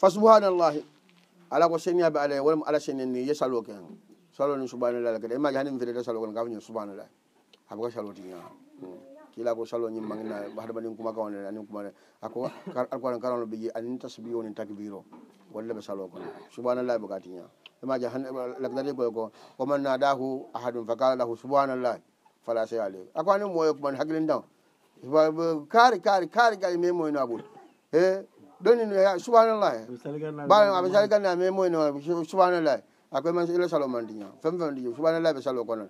fa subhanallahi ala ko seniyaɓe ala wala mo ala senen ni ye saloke hen saloni subhanallah kadi imaji hande mi fedede saloke ne kafañi subhanallahi haba ko salotiña hmm. kila ko salo ñimmagina hadama nin kuma kawne anin kuma ako alkoran karano ɓe ji anin tasbi woni takbir o walleɓe salo kono subhanallahi bokatiña imaji lakdari koye ko e waman nadahu ahadum fa kala lahu subhanallahi fala sey ale ako anin moye kumani hakkilin dan kaari kaari kaari gay memoyno aɓuri e eh? doni eh, subhanallah baran aɓe saligan ne mais moyno subhanallah akoye ma ila salo mandi ña fem fem ndi subhanallah ɓe salo konan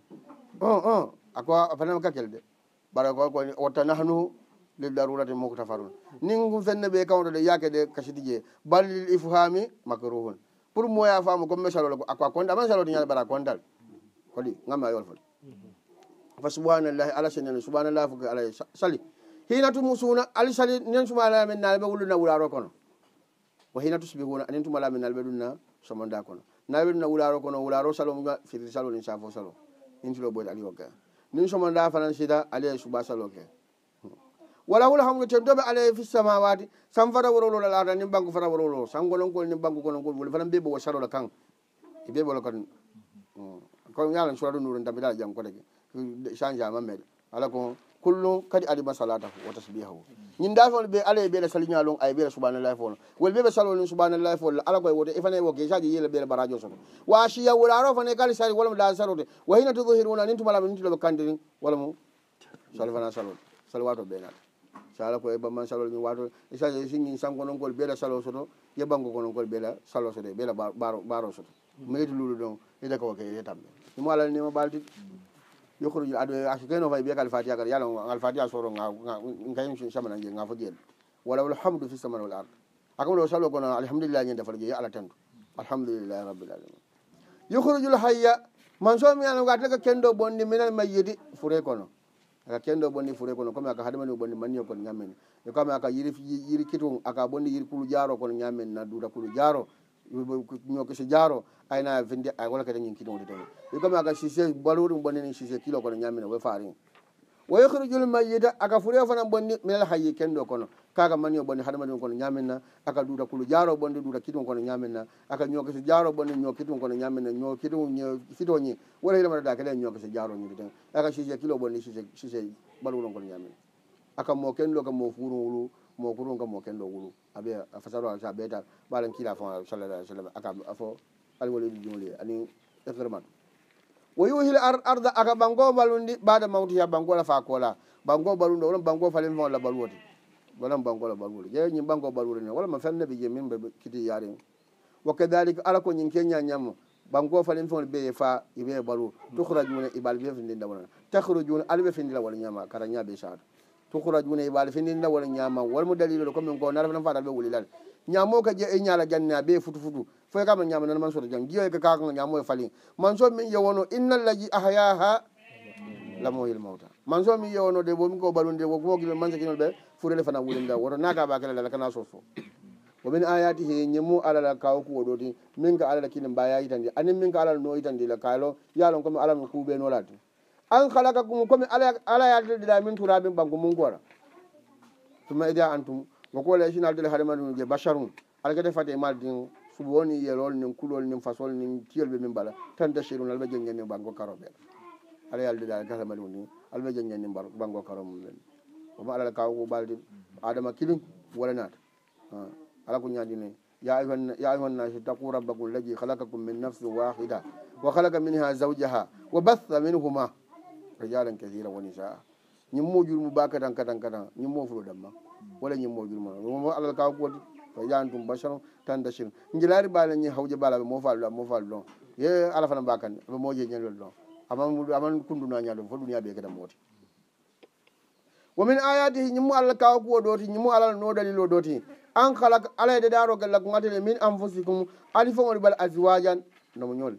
un oh, oh. ako fanam kakel de bara ko koni watta nahnu lidarurati moktafarun nin fenne ɓe kawto de yaake de kasidi je balil ifhami makruhun pour moya faamu comme mai salole akoa konda aman salo tiñade bara kondal kodi gamma yolfot mhm. fa subhanallahi ala sene subhanallah fo ala sali hinatu musuna alisali nen suma lamen nalɓe wulluna wularo kono wa hinatu sibihuna anen tuma lamen nalɓe ɗumna somonda kono nalɓe ɗumna wularo kono wularo salo ma firti salo nin safo salo nin tulo boyt ali wogga nin somonda fanan sida aliya suba salo ke wala hul hamdu te dobe ala fi samawati sam fata woro lolo laata nin banku fata woro lolo sam gonon kol nin banku gonon kol wol fanan bebo wasaro la kan e bebo la kan mm. ko yalan suratu nurun tambe dal jam ko de change amamel ala ko kullum kadi aliman salatahu wa tasbihahu ñin da fon ɓe ala e ɓeeɗa saliñalon aye ɓeeɗa subhanallahi fon wol ɓeɓe salolin subhanallahi fon la ala koye wote ifane e e wo gesaji yiila ɓeeɗa baradio soto wa siya wolaro fane kali sari walamo da sarote wa hina tohiruna nin tumalam nin tuloɓe kandirin walamo salfana salol salwato ɓeenat sala koye bamman salol mi wato e sisiñin sankononkol ɓeeɗa salo soto yebbanko kononkol ɓeeɗa salo soto ɓeeɗa baro soto maiti luuɗo ɗon idakawo ke yetamɓe imo alani nima ɓaltiɗ yokkoto ñu ad ak kene fay ɓeek alfatiha kata yala alfatiha soro kay samanaje ga fo geen wala alhamdu fi samana wal ard akam lo salo gona alhamdulillah ñen defar jeeyi ala tentu alhamdulillahi rabbil alamin yokorojul hayya man soomi yalam ga taga kendo bonni minen ma yidi fure kono aka kendo bonni fure kono comme aka hadamani bonni manniyo kon ñamen e comme aka yiri yiri kitu aka bonni yiri kulu jaro kono ñamen na duuta kulu jaro ñoke so jaaro ayna vindi ay wala kadañin kidowde tawi ɓi comme aga sise baluɗum bonni nin sise kilo kono ñamina wo faari wo yohiru jul mayyita aka furi fana bonni minal hayi kendo kono kaga manio bonni haɗama ɗum kono ñaminna aka duuta kulu jaaro bonni duuta kidum kono ñaminna aka ñoke so jaaro bonni ño kidum kono ñaminna ño kidum fitoñi wota hilamatada kadae ñoke so jaaro ñide tawi aka sise kilo bonni sise sise baluɗum kono ñaminna aka mo kendo ka mo fuurowulu mokuru nga moken ɗo wuru aɓe a façado sa ɓeeta ɓaɗan kila fo salalah sallam aka a fo ani wali jumli ani exremat wo yuhil arda aka ɓango ɓalundi ɓaɗa mawtiya ɓangola fa koola ɓango ɓalundo wona ɓango falen fo alla ɓalwoti wonan ɓangola ɓalwuri je ñin ɓango ɓalwuri ne walama fen neɓe je min ɓe kiti yarin wo kedalik ala ko ñin ke ñañam ɓango falen fo ɓe fa iɓe ɓalur tukra juna iɓal ɓe findinda wonana tahrujuna aliɓe findila wala ñama kara ñaɓe sato tukura tukhrajuna e ɓaali findinna wala ñaman mu dalilol ko min ko nara fatan fatal ɓe wulilal nyamo ka je e janna be futu futu fo ka kama nyama nana man soto jam jiyoy ka ka nyamo e fali man so min yewono innal laji ahyaha mauta man so min yewono de bomin ko de ko gi ɓalunde wokmogilol be fure le fana wulinda woro woto ba kala la kana so fo wa min ayatihi ala ñemmu alala kawku woɗoti min ka alala kine tan yayitandi anin min ka ala no yitandi la kaalo yalon komi alala kuuɓenolati an halaka kum comme ala yaltede ɗiɗa min turamin ɓanko mum gora tuma idi antum goko wala sinaldele haɗemaɗum je basharum alagede fate maldin subo woni yelol nin kuɗol nin fasol nin tiyol ɓe min mbala tan dasiru alaɓe jengeni ɓanko karo ɓeɗa ala yaldeɗa gasamaɗum ni alaɓe jengeni ɓanko karo mumɓen oma alal kawko ɓalde adama kilin walanata ala ko ñadine ya ayuhannasi taku rabbakum ladi halakakum min nafsin wahida wa halaka minha zawjaha wa batha minhuma ko jaran kasira woni saa ñimmo jurmu ba katan katan katan ñimmo fuɗo damma wala ñimmo jurmu alal kaw kodi fa jan tum basaro tan da sino njilari bala ñi hawje bala mo faalu mo faalu don ye ala fana ba kan mo je ñelol don amma amma kundu na ñalo fo duniya be kadam moti wa min ayatihi ñimmo alal kaw ko doti ñimmo alal no dalilo doti an khalaq ala de daro galla ko ngatene min anfusikum alifon bal azwajan no mo ñol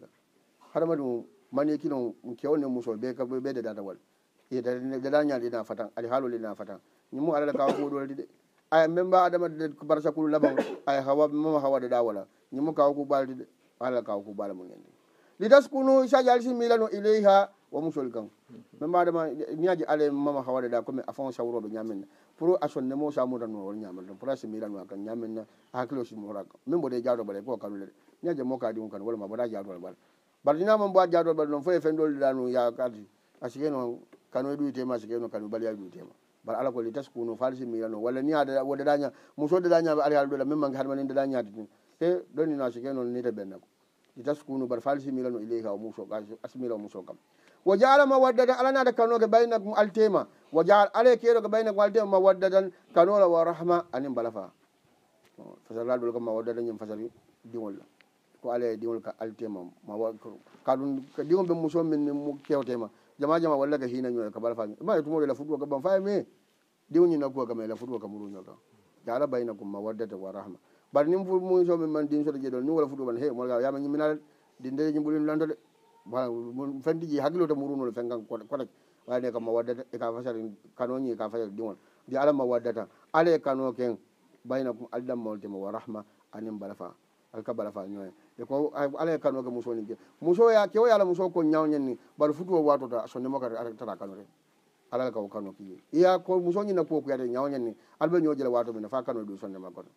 hadama dum mane kino kewne musol ɓe ɓe dadatawal e dada ñalɗina fatan aɗa haalol ina fatan mu alala kawa kuɗolati de aya min mba adama barsa kulu laban aya hawa mama hawa dada wala ñimu kawa ku ɓalati de alala kawa ku ɓala mu ngende li taskunu sajalsi milano ilayha wa musol kan min mba adama miñaji ala mama hawa dada comme a fan sawroɓe ñaminna pour a sonne mo samutanu wol ñamata pour a similanu a kan ñaminna a hakkilo simora kan min mbode jaɗo bala ko kalule de miñaji mo kadi um kan wala ma bata jaɗo bala mbardinama mbowa jaado ɓalɗ noon foof e fen ɗolɗiɗa no ya kadi a sike noon kano e ɗuyitema sike noon kano baliya ɗuyitema bara ala koli tas kuno falisi mira noon walla ni ade wo daɗaña mu so daɗañaɓe ari haaɗo ɗoɗa même mangue haɗmanen daɗa ñaade ni e ɗonni no a sike noon nita ɓenna ko ɗi tas kuno bara falisi mira no ileyka o muso asmira o muso kam wo jaalama waddata alanade kanoke ɓaynak mo altema wo jaal ala e keeɗo ko ɓaynak mo altema ma waddatan kanola wo rahma anin balafa fasal laɗol kam ma waddatañam fasal diwolla ko alay e diwol ka altema ma ka ɗum ka diwol ɓe musom min mo kewtema jama jama walla ka hinañoya ka bala fami ma e tumoɗo la fuɗɗo ka ɓam fay me diwo ñina kuwa kam la fuɗɗo ka muruño kam jara bayna kum ma waddata wa rahma bar nim fo muso min man din soto jeɗol ni wala fuɗɗo man he molga yama ñiminaɗa ɗi ndeje ñimɓolin lanto de voilà fendi ji hakkilo ta muruno le fengan kotak wayne kam ma waddata e ka fasata kanoñi e ka fasata diwol di ala ma waddata ala kano ken bayna kum aldammolte ma wa rahma anin bala fa alka bala fa ñoya e ko alaye kanoke musoni ge muso ya kewo yala muso ko ñawñen ni bari futuwo watota sonnemo kat tata kanore alaye kawo kanoki ye iya ko muso ñinna kuwo kuyate ñawñen ni alaɓe ñojele watomene fa kano ɗo sonnema kono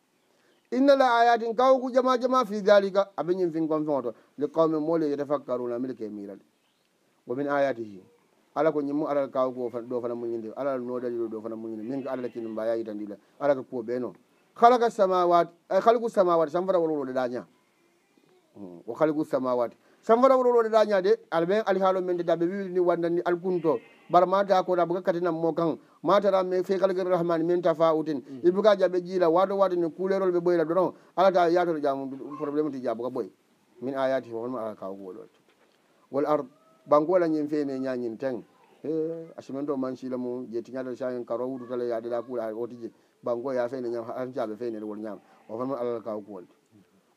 inna la ayatin kawku jama jama fi dalika aɓe ñin fin kon fewoto li qawmin mole yetafakkaruna milke mirade wo min ayatihi ala ko ñimmu alal kawku ɗo fana muñinde alal nodalilo ɗo fana muñinde min ko alala kinumba yayitandila alaka kuwo ɓe no halaka samawat eh, halku samawat sanfata wolwolo ɗeɗa ña o hmm. haligu samawati sangoro wuro woɗe dañade alaɓen alihaalo men de daɓe wiini wandani alkunto bara mata ko ɗaɓo gakkatinam mo kan matara min fekalguer rahmani min tafa uten hmm. ibuga jaɓe jiila wado wade ne couleurol ɓe ɓoyla doron alata yatoto jam probléme ti jaboga ɓoy min a yaati honma ala kawgowoɗo wol ar bankolañin fewi mi ñañin ten e asimen to mansila mum jettiñadal cangen karo wuddutala yadeɗa kuule oti je banko ya fewne ñam hatan caɓe fewnede wol ñama o honma alal kawkuwolde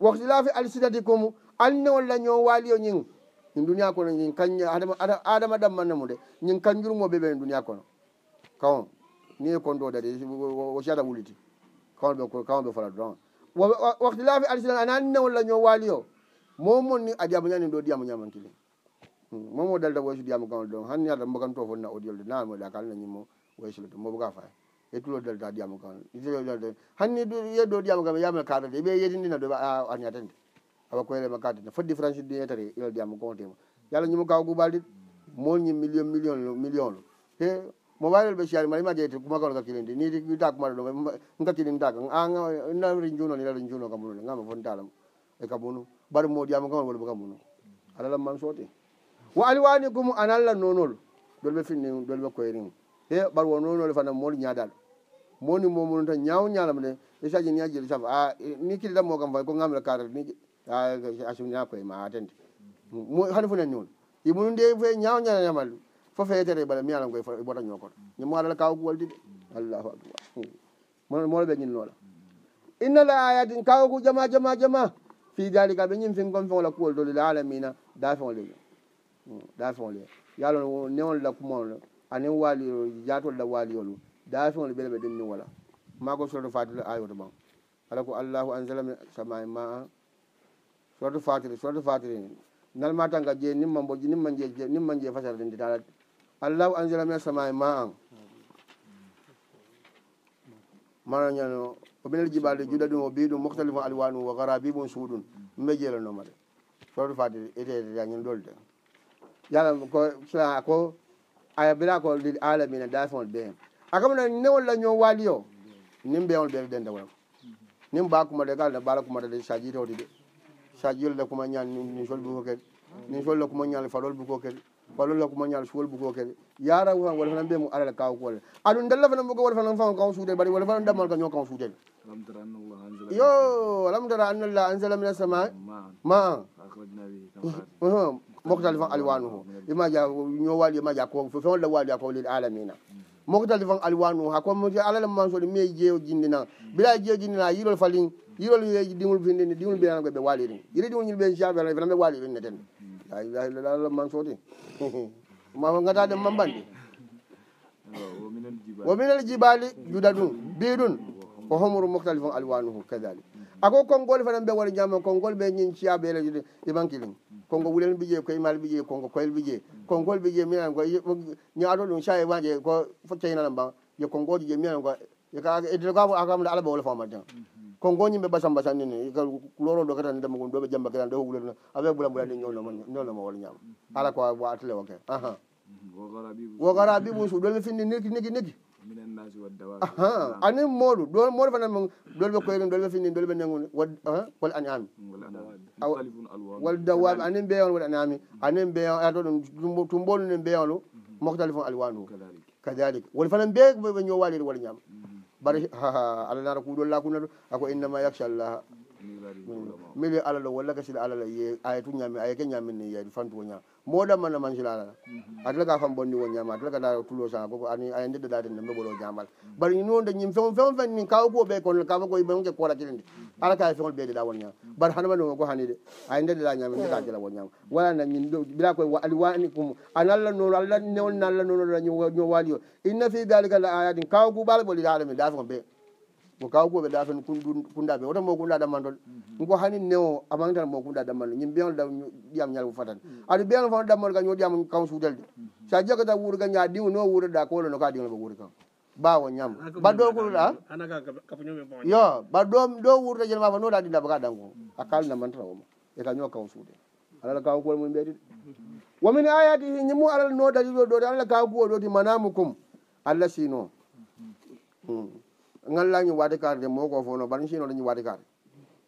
wakti laafi alsidati komu anne walla ño waaliyo ñin in duniya kono ñin kaña adama ɗammannamu de ñin kanjurumoɓe ɓe e duniya kono kawon ni e kondo dadi o ciata wuliti kawonɓe kawonɓe fala don wakti laafi alsidati ana anne walla ño waaliyo momon ni a ƴamañanin ɗo ɗiyama ñaman kili hmm, momo dalda woysu ɗiyama gawol don hanni ada mbokanto fonna audiol de naamoɗa kalnañimmo woysulede mboboga faya yettulo dere da ƴama kamɗe hanni yeddo ƴama kam e yama kaɗade ɓe yedindina ɗo añatande awa koyelema kaɗde ne foddi franchi du yetere ilal ƴama comptema yala ñimo kaw gubalɗi moñi million million million o he mo wawel ɓe ciyani mara majeyte kumakano gakkilinde nidi ta kumaɗa ɗo gakkilintaka nari juno nilare juno kamuno ne gama fontalam e kamuno mbaɗa mo ƴama kamon waɗuba kamuno alalam man soote wo aliwani kum anallannonol dolɓe finni dolɓe koyerin he ɓarwo nonole fana mowoni ñaadaɗo mowoni momon tan ñaw ñalama de esaji ni ajeli safa a ah, ni killiɗam mo kam fay ko gamla karat ni asumina koye ma atende hani funen noon imunu nde fo ñaw ñala ñamallu fof etere ɓaɗa mi alam koye ɓota e ñokoto ñamo alala kaw ko waldi de allahu akbar mono moɗo ɓe ñinnoɗa inna la ayati kaw ko jama jama jama fi dalika ɓe ñim fin kom fewola kuwol dolil alamina da fewo le da fewo le hmm, yaalo newon lakkumonlo anin waliyolu jatol da waliyolu dafin wani bela bedin ni wala mako suratul fatir ayatu ban alako allahu anzala min samai ma suratul fatir suratul fatir nal mata ga je nimman bo nimman je nimman je fasar din dalat allahu anzala min samai ma an mana nyano o bela jibal juda dum o bidum mukhtalifu alwanu wa gharabibun sudun me jela no mare suratul fatir ite ya nyen dolde yalla ko ko aya bira ko lil alamina dafiol ɓe hen akamana ne wolla ño waali o nin mbeol ɓeɗe ɗen dawolam nin mba kumade ga ne ɓala kumadade saji tawde de saji yolde kuma ñal ni sol buko kadi nin solde kuma ñal farol buko kadi farolde kuma ñal suwol buko kadi yara wa wala fana mbemu arala kaw ko wala adun dalla fana mbugo wala fana fa kaw suude bari wala fana damal ka ño kaw suude yo alhamdulillah anallahu anzala minas samaa ma moftal devant alwanu ho imaja ño waali imaja ko fewn la waali ko leydi alamina moftal devant alwanu ho ha comme alalamman soɗo mie jeeyo jindina bila jeeyo jindina yirol falin yirol dingol fi dingol mbiyanako ɓe waali rin yiri dingol ñilɓe jaɓeɓe waali rin ne ten alalamman soodi ma gata ɗem mambandi wo minel jibali juda ɗum mbi ɗum ko homru moctalifon alwanuhu kadalik ako konngol fanan ɓe waɗa ñama konngol ɓe ñin ciyaɓeele imankilin e konngo wulen ɓije koyemal ɓije konngo koyel ɓije konngol ɓije minan ko ñaato ɗum cha maje e ko fo ceynana ba je konngoji je minan ko kaakamda e alaba wala fama tan konngo ñimɓe basan basan nin loro ɗo katan dema gum ɗo ɓe jamba kiran ɗo wulen afa ɓula ɓulani ñolnoma ñolnoma wala ñama ala ko wa atele oke wokara ɓiɓu suɗole finni niki niki niki ani moolu mm-hmm. mm-hmm. mm-hmm. ɗo moolu fana ɗolɓe koyeg ɗolɓe finni ɗolɓe nego wol ani ami wol dawaɓe anin mbeyolu wol ani ami anin mbeyo ato ɗum tumbolu ne mbeyolu moktalifon aliwanu kadalik wol fana mbeɓe ñowalir wol ñam bara alanara kuɗol lakunato ako innama yakcha llaha mi wi alala walla ka sila alala ye aye tu ñami aye ke ñami ni yeyde fantuko ña moɗam mana man sila alala mhm. atala ka fam ɓonndi wo ñama atala ka daro tulo sa koko ani aye ndedda daade ne mbeɓolo jambal mhm. bari ni noon de ñim fewo fewo fen min kaw ko ɓe kono kaw ko yimɓe ke kora kirinde mhm. ala kaye fewol ɓeyde ɗa won ñama bar hana waɗi ko hani de aye ndedda ɗa ñami ndeka jela won ñama wala na ñin bila koye ali wani kum an allah noon allah newon na allah noon ñoo waali o inna fi dalika la ayatin kaw ku ɓaala ɓoli daalami daa fewo ɓee mo kawguɓe ɗafen kunɗaɓe oto mo kunɗa ɗammandol ngo mm. hani newo aman tan mo kunɗa ɗammandol ñim ɓeno ɗiyam ñalgo fatan mm. aɗa ɓeno fano ɗammandol ka ñoɗiyam kan suutelde mm-hmm. sa jokata wuuro kan ña ɗiŋo no wuuroɗa kolono ka ɗiŋo ɓe wuuro kan bawo ñam baɗɗo kuruɗa yo baɗɗo ɗo wuurta jenema fa noɗa ɗinda ba ka ɗan ko a kali ɗamman tata oma e ka ño kan suude alala kaw kol mum ɓeyɗiɗe mm-hmm. womin ayatihi ñimmo alal no dadiɗo ɗoti alla kaw kuwo ɗoti manamu kum allah sino ngallañu wadikare de moko fono ban chino dañu wadikare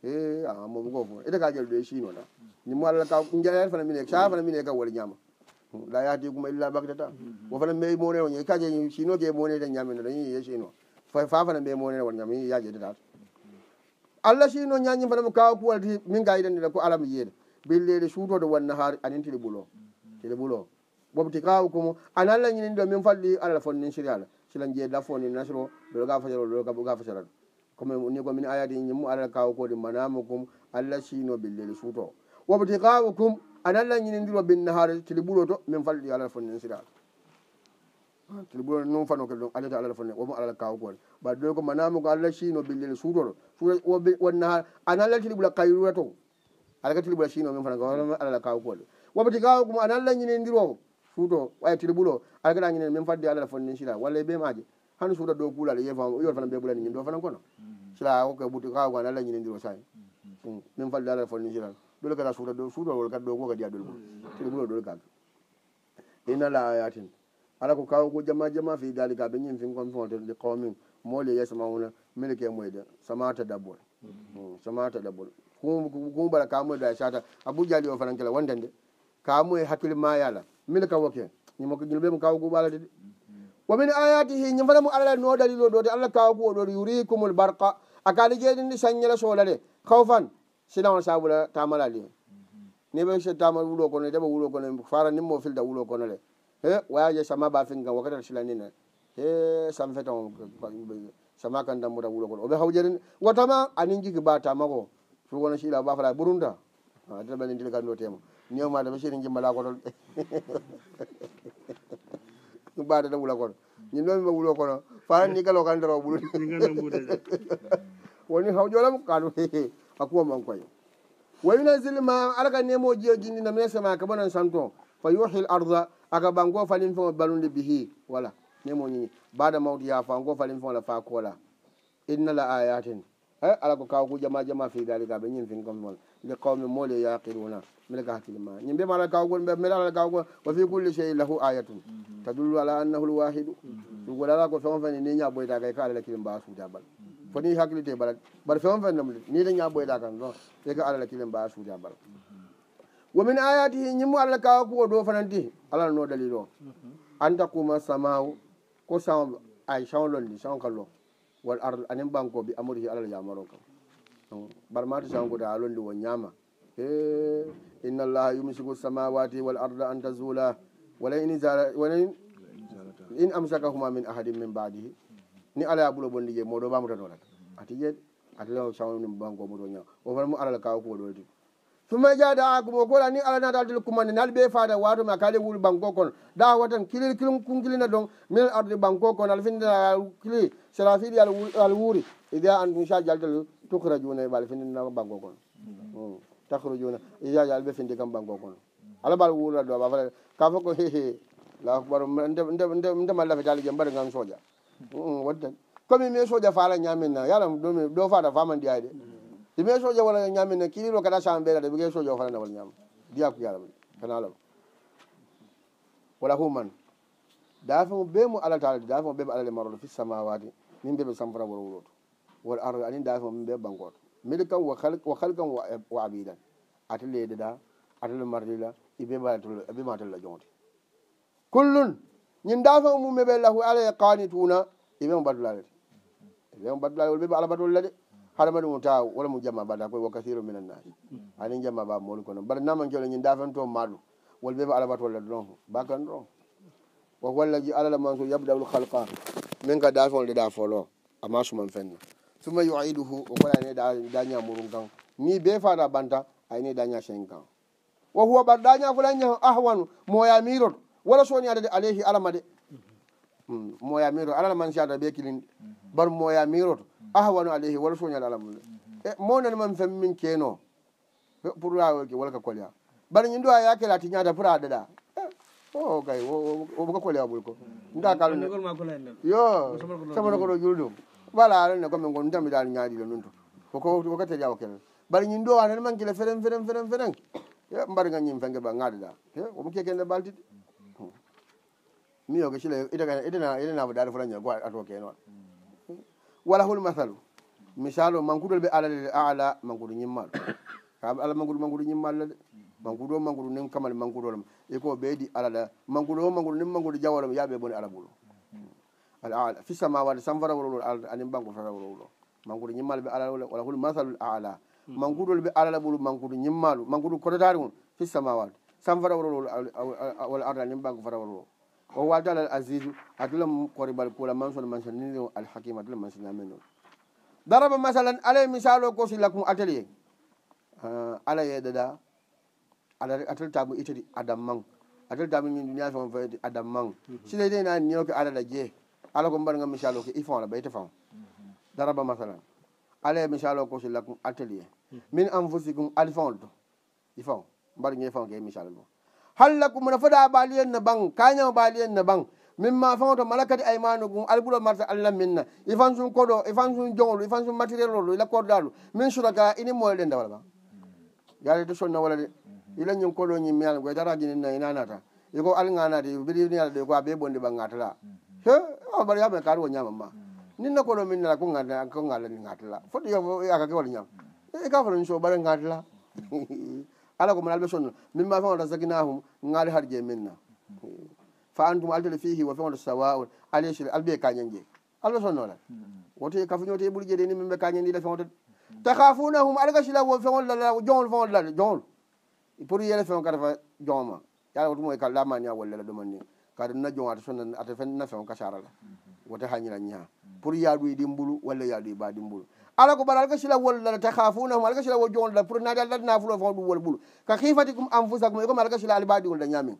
e eh, a ah, mo ko fono ida ka jël de chino da ni mo la ka ngalé fana mi nek sa fana mi nek ka wori ñama da hmm, ya ti kuma illa bakta ta wo fana me mo ne ka je chino ke mo ne de ñame no dañu ye chino fa fa fana me mo ne wor ñame ya je da Allah chino ñañi fana mo ka ko walti mi ngay dañu ko alam yede billede suuto de wonna har anin tilibulo tilibulo bobti kaw ko mo anala ñinin do min falli alal fonnin shirala silanjee dafoni nasro doga fasara doga fasara comme ni komin ayati ñimmu alal kawo kodi manamukum allah sino billel suto wabtiqaukum anallah ñinidiro binnahare tiliɓuro to min falɗi alal fonnin sira tiliɓuro num fano kelɗum adata alal fonnin wom alal kawo kode ba doy ko manamuko allah sino billel sutoto wonnahar anallah tiliɓula kayrura to alaka tiliɓula sino min fanaka alal kawo kode wabtiqaukum anallah ñinidiro suuto waye bulo ala kana ñinen men fadde ala fonni fonnin sila walla be maje hanu suuta do kuulale yefa yol fana be bulani ñin do fana kono mm-hmm. sila ko ke buti ka wana la ñinen diro sayi men mm-hmm. mm, fadde ala fonni fonnin sila dole kata suuta do suuto wol kat do ko ka diya dol mm-hmm. tilibulo dol kak ina la ayatin ala ko kawo ko jama jama fi dalika be ñin fin kon fonte de qawmin mole yasmauna milike moyde samata dabbo mm, samata dabbo dabol kuma bala kamo da shata abuja liyo farankela wandande kamo hakkil mayala mila kam wokke ñimo ñino ɓeymo kawgu ɓalade de wo min ayatihi ñim fana mo alalay no dalil o ɗote allah kawgu oɗon yurikumul barka a kaali jeeɗin ndi saññela soolade hawfan sinawon sabula tamala li hen ni ɓe tama wulo kono deɓa wulo kono fara nimmo filda wulo kono le e wayaje sama ba fin kan wakkatata silanina e samfeta o sama kan dammuta wulo kono oɓe hawjeren wotama anin jiki ba tama ko fukono siila ba fala burunta adaɓa ni ndil kanndo temo newmade mbeceeri jimmala ko toon ɓe mbaadata wula kono ñin noon mba wulo kono faanni galo kan ndero ɓulu woni haw ƴolam kaadu hakkuma mon koye wayunasilma ala ka nemo jiyo jindina mesema ka bonan santon fa yuhi l arda aka ɓango falin fo banude bihi voilà nemo ñini baada mawde yafa ngo falin fola fa koola inna la ayatin eh, ala ko kawku jama jama fi dalika ɓe ñin fin comme mol nde kawme moole yaqiruna mbele ka hakkille ma ñim mbiyama ala gawgol mbele ala gawgol wa fi kulle chey lahu aya tun mhm. tadullu ala annahul wahidu mhm. ɗum goɗa ala ko fewo fene ni ñaɓoydakay e ka alalakkille mbawa suude a ɓal mhm. foni hakkillete ɓalat bat fewo fene nam ni ta ñaɓoydakan non te e ka alalakkille mbawa suude a ɓal womin ayatihi ñimmo alal kawa kuo ɗo fananti alal no dalil o an takuma samawu ko san ay san lolli san kallo wal ard anin banko bi amorihi alal yamaro kam bar mata sangoda a londi won ñama inna allaha yumsiku samawati wal arda an tazula walain amsakahuma min ahadin min badihi ni ala ya ɓulo bonndi je moɗo mamutanoɗat ati jeeɗ atale sawnibankomoto ña o fatamu alal kawa kuwaɗoyti suma jaada akumo kola ni ala natalti kumande naali ɓe fada watoma kaale wuuri banko kono da watan kilil kilim kunkilina don min ardi banko kono al findina kili sara fiiɗi al wuuri ida andu sa jaltal tukrajuna ɓaal findina banko kono hmm. takro jona jaja alɓe finde kam banggo kono ala mbal wuurla do afa ka fo ko hehe la akbar ndema lafetali jo mbaɗa gan soja mm, wadde tan comme mi soja fala ñamin na yalam ɗo ɗo fata famandi ay de imi soja wala ñamin na kiri ro kata sama ɓeyɗa de ɓige soja o fala nawal ñama diyako yalam kana alam wala fuman dafemo ɓe mo alatalade dafemo ɓe ɓe alade marolo fi samawade min ɓeɓe samfra wor wuroto wor arde anin dafemo min ɓe banggoto milkan wa halkan wa e, abidan ata leede da atale mardila ibe matalla jonte kullun ñin da fe mum ɓe lahu ala ye qani tuna ibe mo batulale te ibe mo batulale wol ɓeɓe ala batulla de hada mari mu ta wala mu jamma bada koy wa kathiru min annas ani jamma ba moolu kono bara naman kelo ñin da fen to madu wol ɓeɓe ala batulla don bakan ɗon wa walla ji alala mansu yabdaul xalqa min ka da fe wolde da folo amma suman fenna tuma yuiduhu o koɗane da, daña muru gan ni be fada banta ayne daña shen gan wo huwa ɓar daña fulañaho ahwanu moya miron wala soni adade alayhi alama de moya miro alana man siada be kilinɗe bar moya miroto ahwanu alayhi wala soñade alama de e monanimam fem min keno pour lawoki wala ka kolya bar ñin do a yakela ti ñada pour aɗeɗa o kay o ka kolya ɓol ko nda kalu yo samanakoɗo julɗum wala arane kome gon tan mbiɗa ari ñaaɗiɗo noon to koko kate ƴawa kene bara ñin ɗo wane man kile feren feren feren feren mbaɗa gañin fenge ba ŋaaɗeɗa e omo keken de baltiɗe mi yoge sile iɗenaaɓa daade fota ñoo go ato keno wa wala hol masalu misal o mankuɗol ɓe alade de ala mankuɗo ñimmaɗo ka ala mankuɗo mankuɗo ñimmaɗo de mankuɗo o mankuɗo nin kamal mankuɗolam e ko ɓeydi alada mankuɗo o mankuɗo nin mankuɗo jawalam yaaɓe boni ala ɓuɗo al ala fi samawati samfata wolowol alata anin bango fata wolowolo mangudo ñimmalo ɓe alala wala hol masalul ala mm. mangudol ɓe alala ɓolu mangudo ñimmalo mangudo kototari mum fi samawati samfata wolowol wala arata anin bango fata wolowo o walta alal asidu adula koribal kula mansono mansaninio alhakim adula mansinamen non daraba masalan alay misalo ko si lakum atelier ah, ala yeɗaɗa atel tamo itati adam mang atel tamo min duniya fe adam mang mm-hmm. siɗa denani nioke alala jee alako mbaɗga misalo ke ifon la ɓayte fan daraba masalan alaye misalo ko sillakum atelier hmm. min anfusicum alifon to ifon mbaɗge fan ke misalo ɗum hallakum na foɗa baliyen na ban kañawo baliyen na ban min ma fan to malakati aymanu gum alɓuro marta allah minna ifan sum koɗo ifan sum jogolu ifan sum matériel olu ila koɗɗalu min suraka ini moyoɗen dawala ba hmm. yaadeto sonna wala de hmm. ila ñin koɗo ñimmiyan koye dara guininna inanata iko alganade biriniyala ɗe ko a ɓe bonde ɓangatala ɓar yame e, e ka wo ñama ma nina kono min nala ko ngala ni ngatla foti yaka ke wala ñam i ka fara so ɓare ngatla ala ko manal ɓe sonna min ma fewata sakinahum ngali harje min na fa antum altele fihi wa fewata sawaun alesir alɓe kañanje alɓe sonnola woto kafañote e ɓuri jeɗe ni minɓe kañanɗila fewta takafunahum algasila wo fewol jogol fewol lade jogol pour yele fewo kata fa jooma yaala wotumoy kalla mania wallela ɗumanni kadi najjon ata fen ata fen nafe on kasarala wote hañira ñaa pour yaaɗu i ɗimbulu walla yaaɗu i ba ɗimbulu ala ko ɓaɗa alkasila wollala takafunahum alkasila wo jogonɗala pour naade allade nafulo fa ɗum wol ɓulu ka xifati cum enfusacum ikomi e alkasila ali baɗiwonɗa ñamin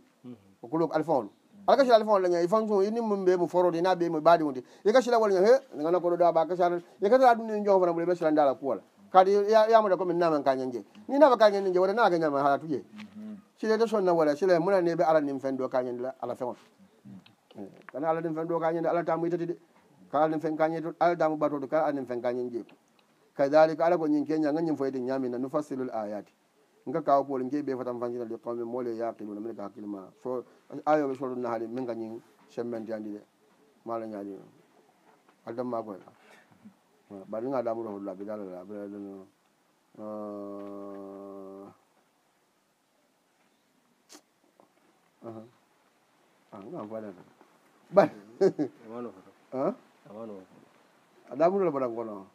o kulo alfaolu alkasila alfaolu daña fan so ini mum ɓe mo forode ina ɓe mo baɗiwonde ikasila wolla ñam he ngana koɗo ɗa ba kasarala ikasala ɗum ni jofanaɓule ɓe silandala kuwala kadi yamuda komin naman kañanje ni nafa kañanje wota naga ñama halatuje silede sonna wala sile munani ɓe ala nin fen do kañande ala fewon kana ala nin fen do kañande ala tamu itati de kala nin fen kañe ala tamu ɓatoto kala ala nin fen kañanje kadalika ala ko ñin ke ñaga ñin foyde ñamina nufassilu l ayati nga kaw pool nke ɓe fatam fancina li qawmi mole yaqiluna mine ka hakkilma so ayoɓe sodu nahali min ka ñin semmentiyandi de malañadi addanma koye bari nga da mudo hulla bidala la bidala no no aha an ga bala ba ba no ha da mudo bala ngono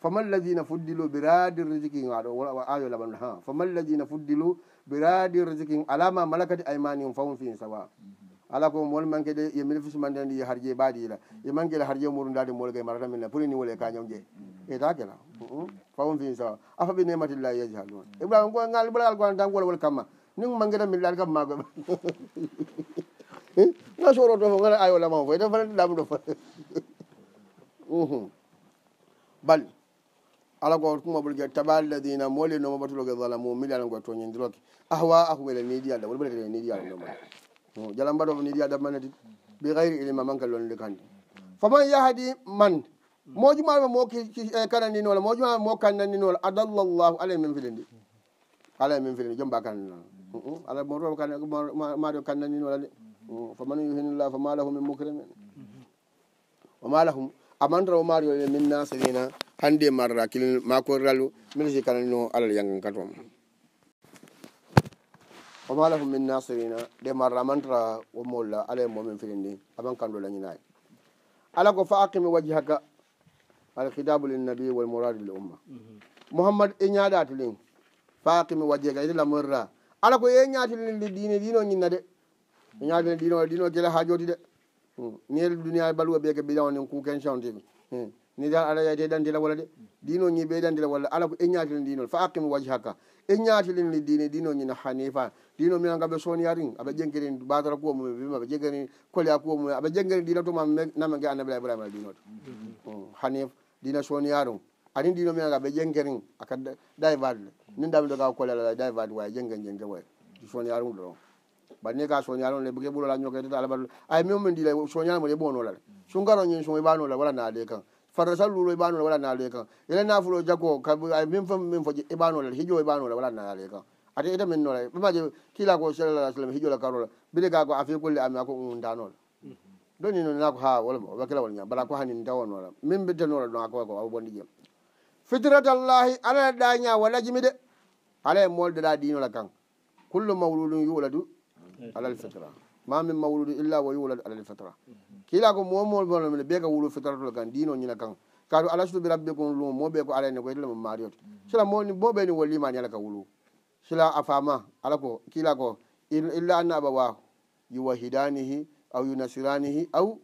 famal ladina fuddilu biradi rizqi ngado wala wa ayo laban ha famal ladina fuddilu biradi rizqi alama malakati aymanihum fa hum fi sawa mm -hmm. ala ko mol manque de ye bénéfice mandedi har je ɓaɗila ye manque de har je muɗum dade molga e marata minna pourni wole kañam je etakela fawm fi sa afaɓi nematilla yajhal on e ɓa ngal ɓuragal gona tan wolwol kamma ni manque ta miɗɗaɗi kam mago ga soro to fo gara ayo lama fo eta fanati ɗam ɗo fo mm-hmm. bal ala ko kumaɓol ge tabal ladina mole nomaɓatuloge zalamu milalgo toñidiroke ahwa ahumele nidiyalda wol ɓeletene nidiyalnoma jalam mbaɗo ni ya ɗammanadi bi gayri ilima manka londe kandi faman yahadi man mojumama mo eh, karandi nola mojumama mo kandandi nola adalla llahu alay min filindi alay min filindi jom ba kandana ala mmaɗo kandandi nola de mm, faman yuhinillah fama lahu min mukrimin wama lahum amanrawo mariole min nasirina hande marra kilin makoralu mbiɗa si kanandino alal yangan katoma woma ala fo min nasirina de marramantara womolla ala e momin firindi aban kando lañinayi ala ko fa aqimi wajhaka alkitabu linnabi walmouradi l umma mouhammad mhm. e ñaɗati lin fa aqimi wajhaka ite lamorra ala ko ye ñatilin li dine dino ñinna de ñatin dino dino kela hajoti de niyel duniya baluwa ɓeke bidao nin ku kencantimi ni dal ala yeyte dantila walla de dino ñi ɓe dantila walla ala ko e ñatilin dinol e hmm. hmm. hmm. e fa aqimi wajhaka e ñaatilinni dine dinoñina hanifa dino mina ngaɓe soniyarin aɓe jengeri batara kuwo mum bima aɓe jengeri kolya kuwo mum aɓe jengeri dina toma name ge annabila ibrahim ala dinoto mm-hmm. hanif dina soniyarum ani dino mina ngaɓe jengerin aka day wadde nin ɗamido ga kolyalala day wadde waya jengen jengge woya soniyarum ɗo on banni ka soniyarum le bke ɓuulola ñokete alabadu ay mimomin dila soniyarumo ɗe ɓonolal sungaroñin son ibanolal wala naade kan farra tan luuro eɓanol waɗa naale kan ene nafulo jago min fo min foƴi eɓanola hijo eɓanola waɗa naale kan ata ita min nola ɓamaje kila ko salalah sallam hijola karola mbiɗe ga ko afe golle ami ako undanola mm-hmm. doni no nako ha wolwakilawolña bala ko hani dawanola min mbittanola ɗon akoko awa bonɗi jeem fitratallahi anana ɗaña waɗajimi de alaye molɗeɗa ɗinola kan kullu mawludum yuuladu alal fitra ma min mawludu illa wa yuwlad ala lfitra kila ko momoone ɓe ka wuulo fitratol kan ndino ñina kan kaatu alastu bi rabbicum lum moɓe ko alane ko yetelemo mariote sila moɓeni wallima ni ala ka wuulo sila a fama ala ko kila ko illa anna abawahu yuwahidanihi aw yunasiranihi aw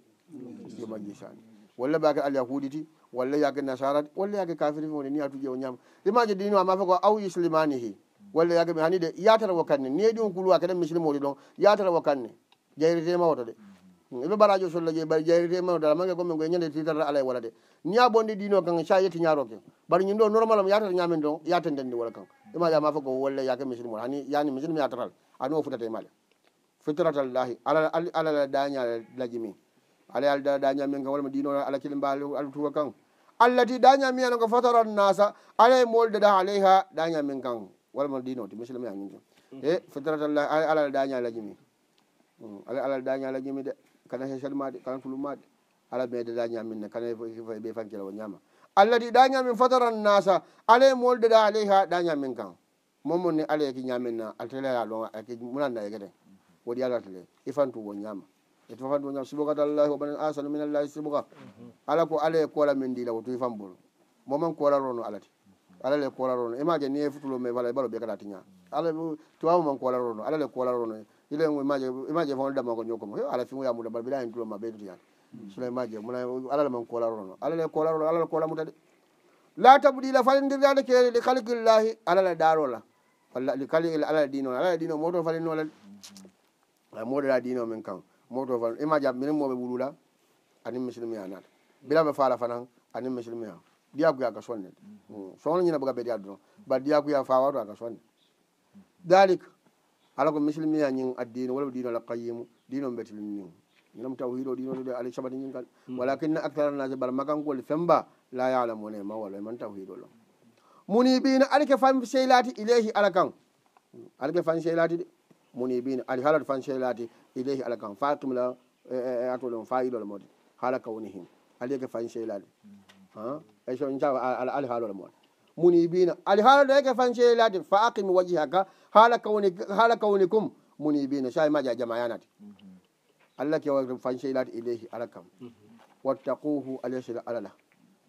yumajisani walla baake alyahuditi walla yaake nasarati walla yaake kafiri fo ni yatuji o e ñama limaje dino ama fa ko aw islimanihi walla yaake mi hani de yatara wo kanne ni e ɗi on kuluwa kaɗen misilimoɗi ɗon yatara wo kanne jayrite mawta de ɓe ɓaraio solla je bar jayrite mawta ala mange gomme goe ñande titarta ala wala de ña bonɗe ɗino kan sa yetti ñaro ke bar ñin ɗo normal m yatata ñamen don yatendenni wala kan ema ƴama fo ko wolle yake misine mon hani yani misine mi yatatal ani o futata male fitratallahi alaalala daña laji min ala alda daña min kan walama ɗino ala kili mbal altuwa kan allati daña mi ano ko fatara nasa ala moldeɗa aleyha daña min kan walama ɗino ti misile mi añinke mm-hmm. e fitratallahi alaala daña laji min Mm, ala alah dañala ñami de kana hechatma de kana fuluma de ala meede dañamine kana ɓe fankila o ñama allahdi dañamin fataran nasa ala molde da aleyha dañamin kan momonne ala eki ñamina altelayalo munanna egede woɗi alatale ifantu wo ñama etfantuoñama subhatallahi waman asanu min allahi subha ala ko ala e koola min ndi lawo tu ifan bolo momon koolarono alati ala le koolarono imaje e ni e futulo me wala e ɓalo ɓe kata tiña ala tuwawoman koolarono ala le koolarono ilemajeimaje fono damago ñokkomo he ala fimo yamuda mbaɗa mbiɗa hen tuloma ɓeydo tiyan sola maje mona alala man kolarono alala kolarono alala kolamuta de la tabɗila falidirdade kede ɗi kalgillahi alala ɗarola e walla ɗi kali alala ɗino e alala ɗino e moto falinola a moɗoɗa ɗino min kan moto fal imaje minen moɓe ɓuɗula anin misilmi ya nata bilaɓe fala fanan anin misilmi ya ɗiyakuya ka sonne mm. sono ñina ɓoga ɓeɗi adduno mbaɗ ɗiyakuya fawato aka sonne dalika ala ko misilmiya ñin addino walla dino la qayimu dino betilu nin ñinam tawhido ɗinoɗ ala caɓati ñin kan hmm. walakin na actara nase bara makankoli femba la yalamone ma walla eman tawhido lo munibino alake fan seylati ilayhi ala kan alake fan seylati de munibino ali halat fan seylati ilayhi ala kan fatumla e, e, e, atole mo fayidola mode hala kawni hin alake fan seylati a ay soñ cawa ala ali halola mode munibina alhaala deke fancere laade fa aqim wajihaka haala kawni haala kawni kum munibina sahi maji a jamayanati allah kewa fancere laade ileyhi ala kam wattaquhu alasira alala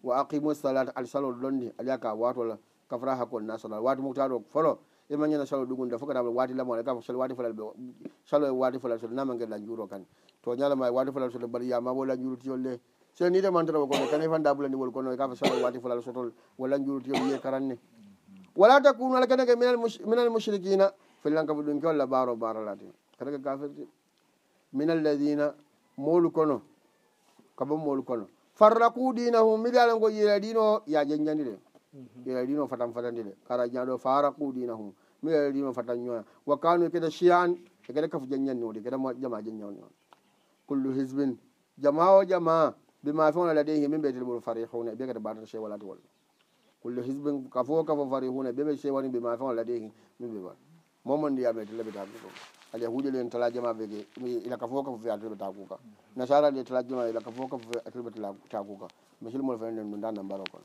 wa aqimu salata alsalol lonni aliya ka watol kafra hakkol na salal wati muktaɗo folo emañana salo ɗugunda fo kataɓ wati lamoaekaal wati falal ɓe salo e wati falal sol namangel lanjuuro kan to ñalama wati falal sol mbaɗa yamabo lanjuuro tiolle so ni remantoro kono kane fanda bulaniwol kono e kafa sawa wati fulal sotol walla juurtio e wiye karanne wala takun ala kene ke minal mushrikina fellankafo ɗum ke walla baro baralati kata ke kafirti minalladina moolu kono kabo moolu kono farraku dinahum mi dialo ngo yira ɗino ya jenjandi de mhm. yira ɗino fatan fatandi de kara ñaɗo faraku dinahum mi yira ɗino fatan ñoya wa kanu keda chian e kede kafo jenjandi wode keda jama jenñawnion kullu hisbin jama o jamaa bima fewna ladayhi min betelɓur farihuna e ɓekata batata shewalat wol kullo hisbin ka fo kafo farihuna ɓe ɓe shewani bima fewna ladayhi min ɓe wat momon ndiya mete laɓetaɓe ɗum ala huuje len tala jama veke ilaka fo kafo fea tlɓeta kuka nasara de tala jama ilaka fo kafo fea tlɓeta kuka mesil mol fenen ɗu ndanna mbaro kono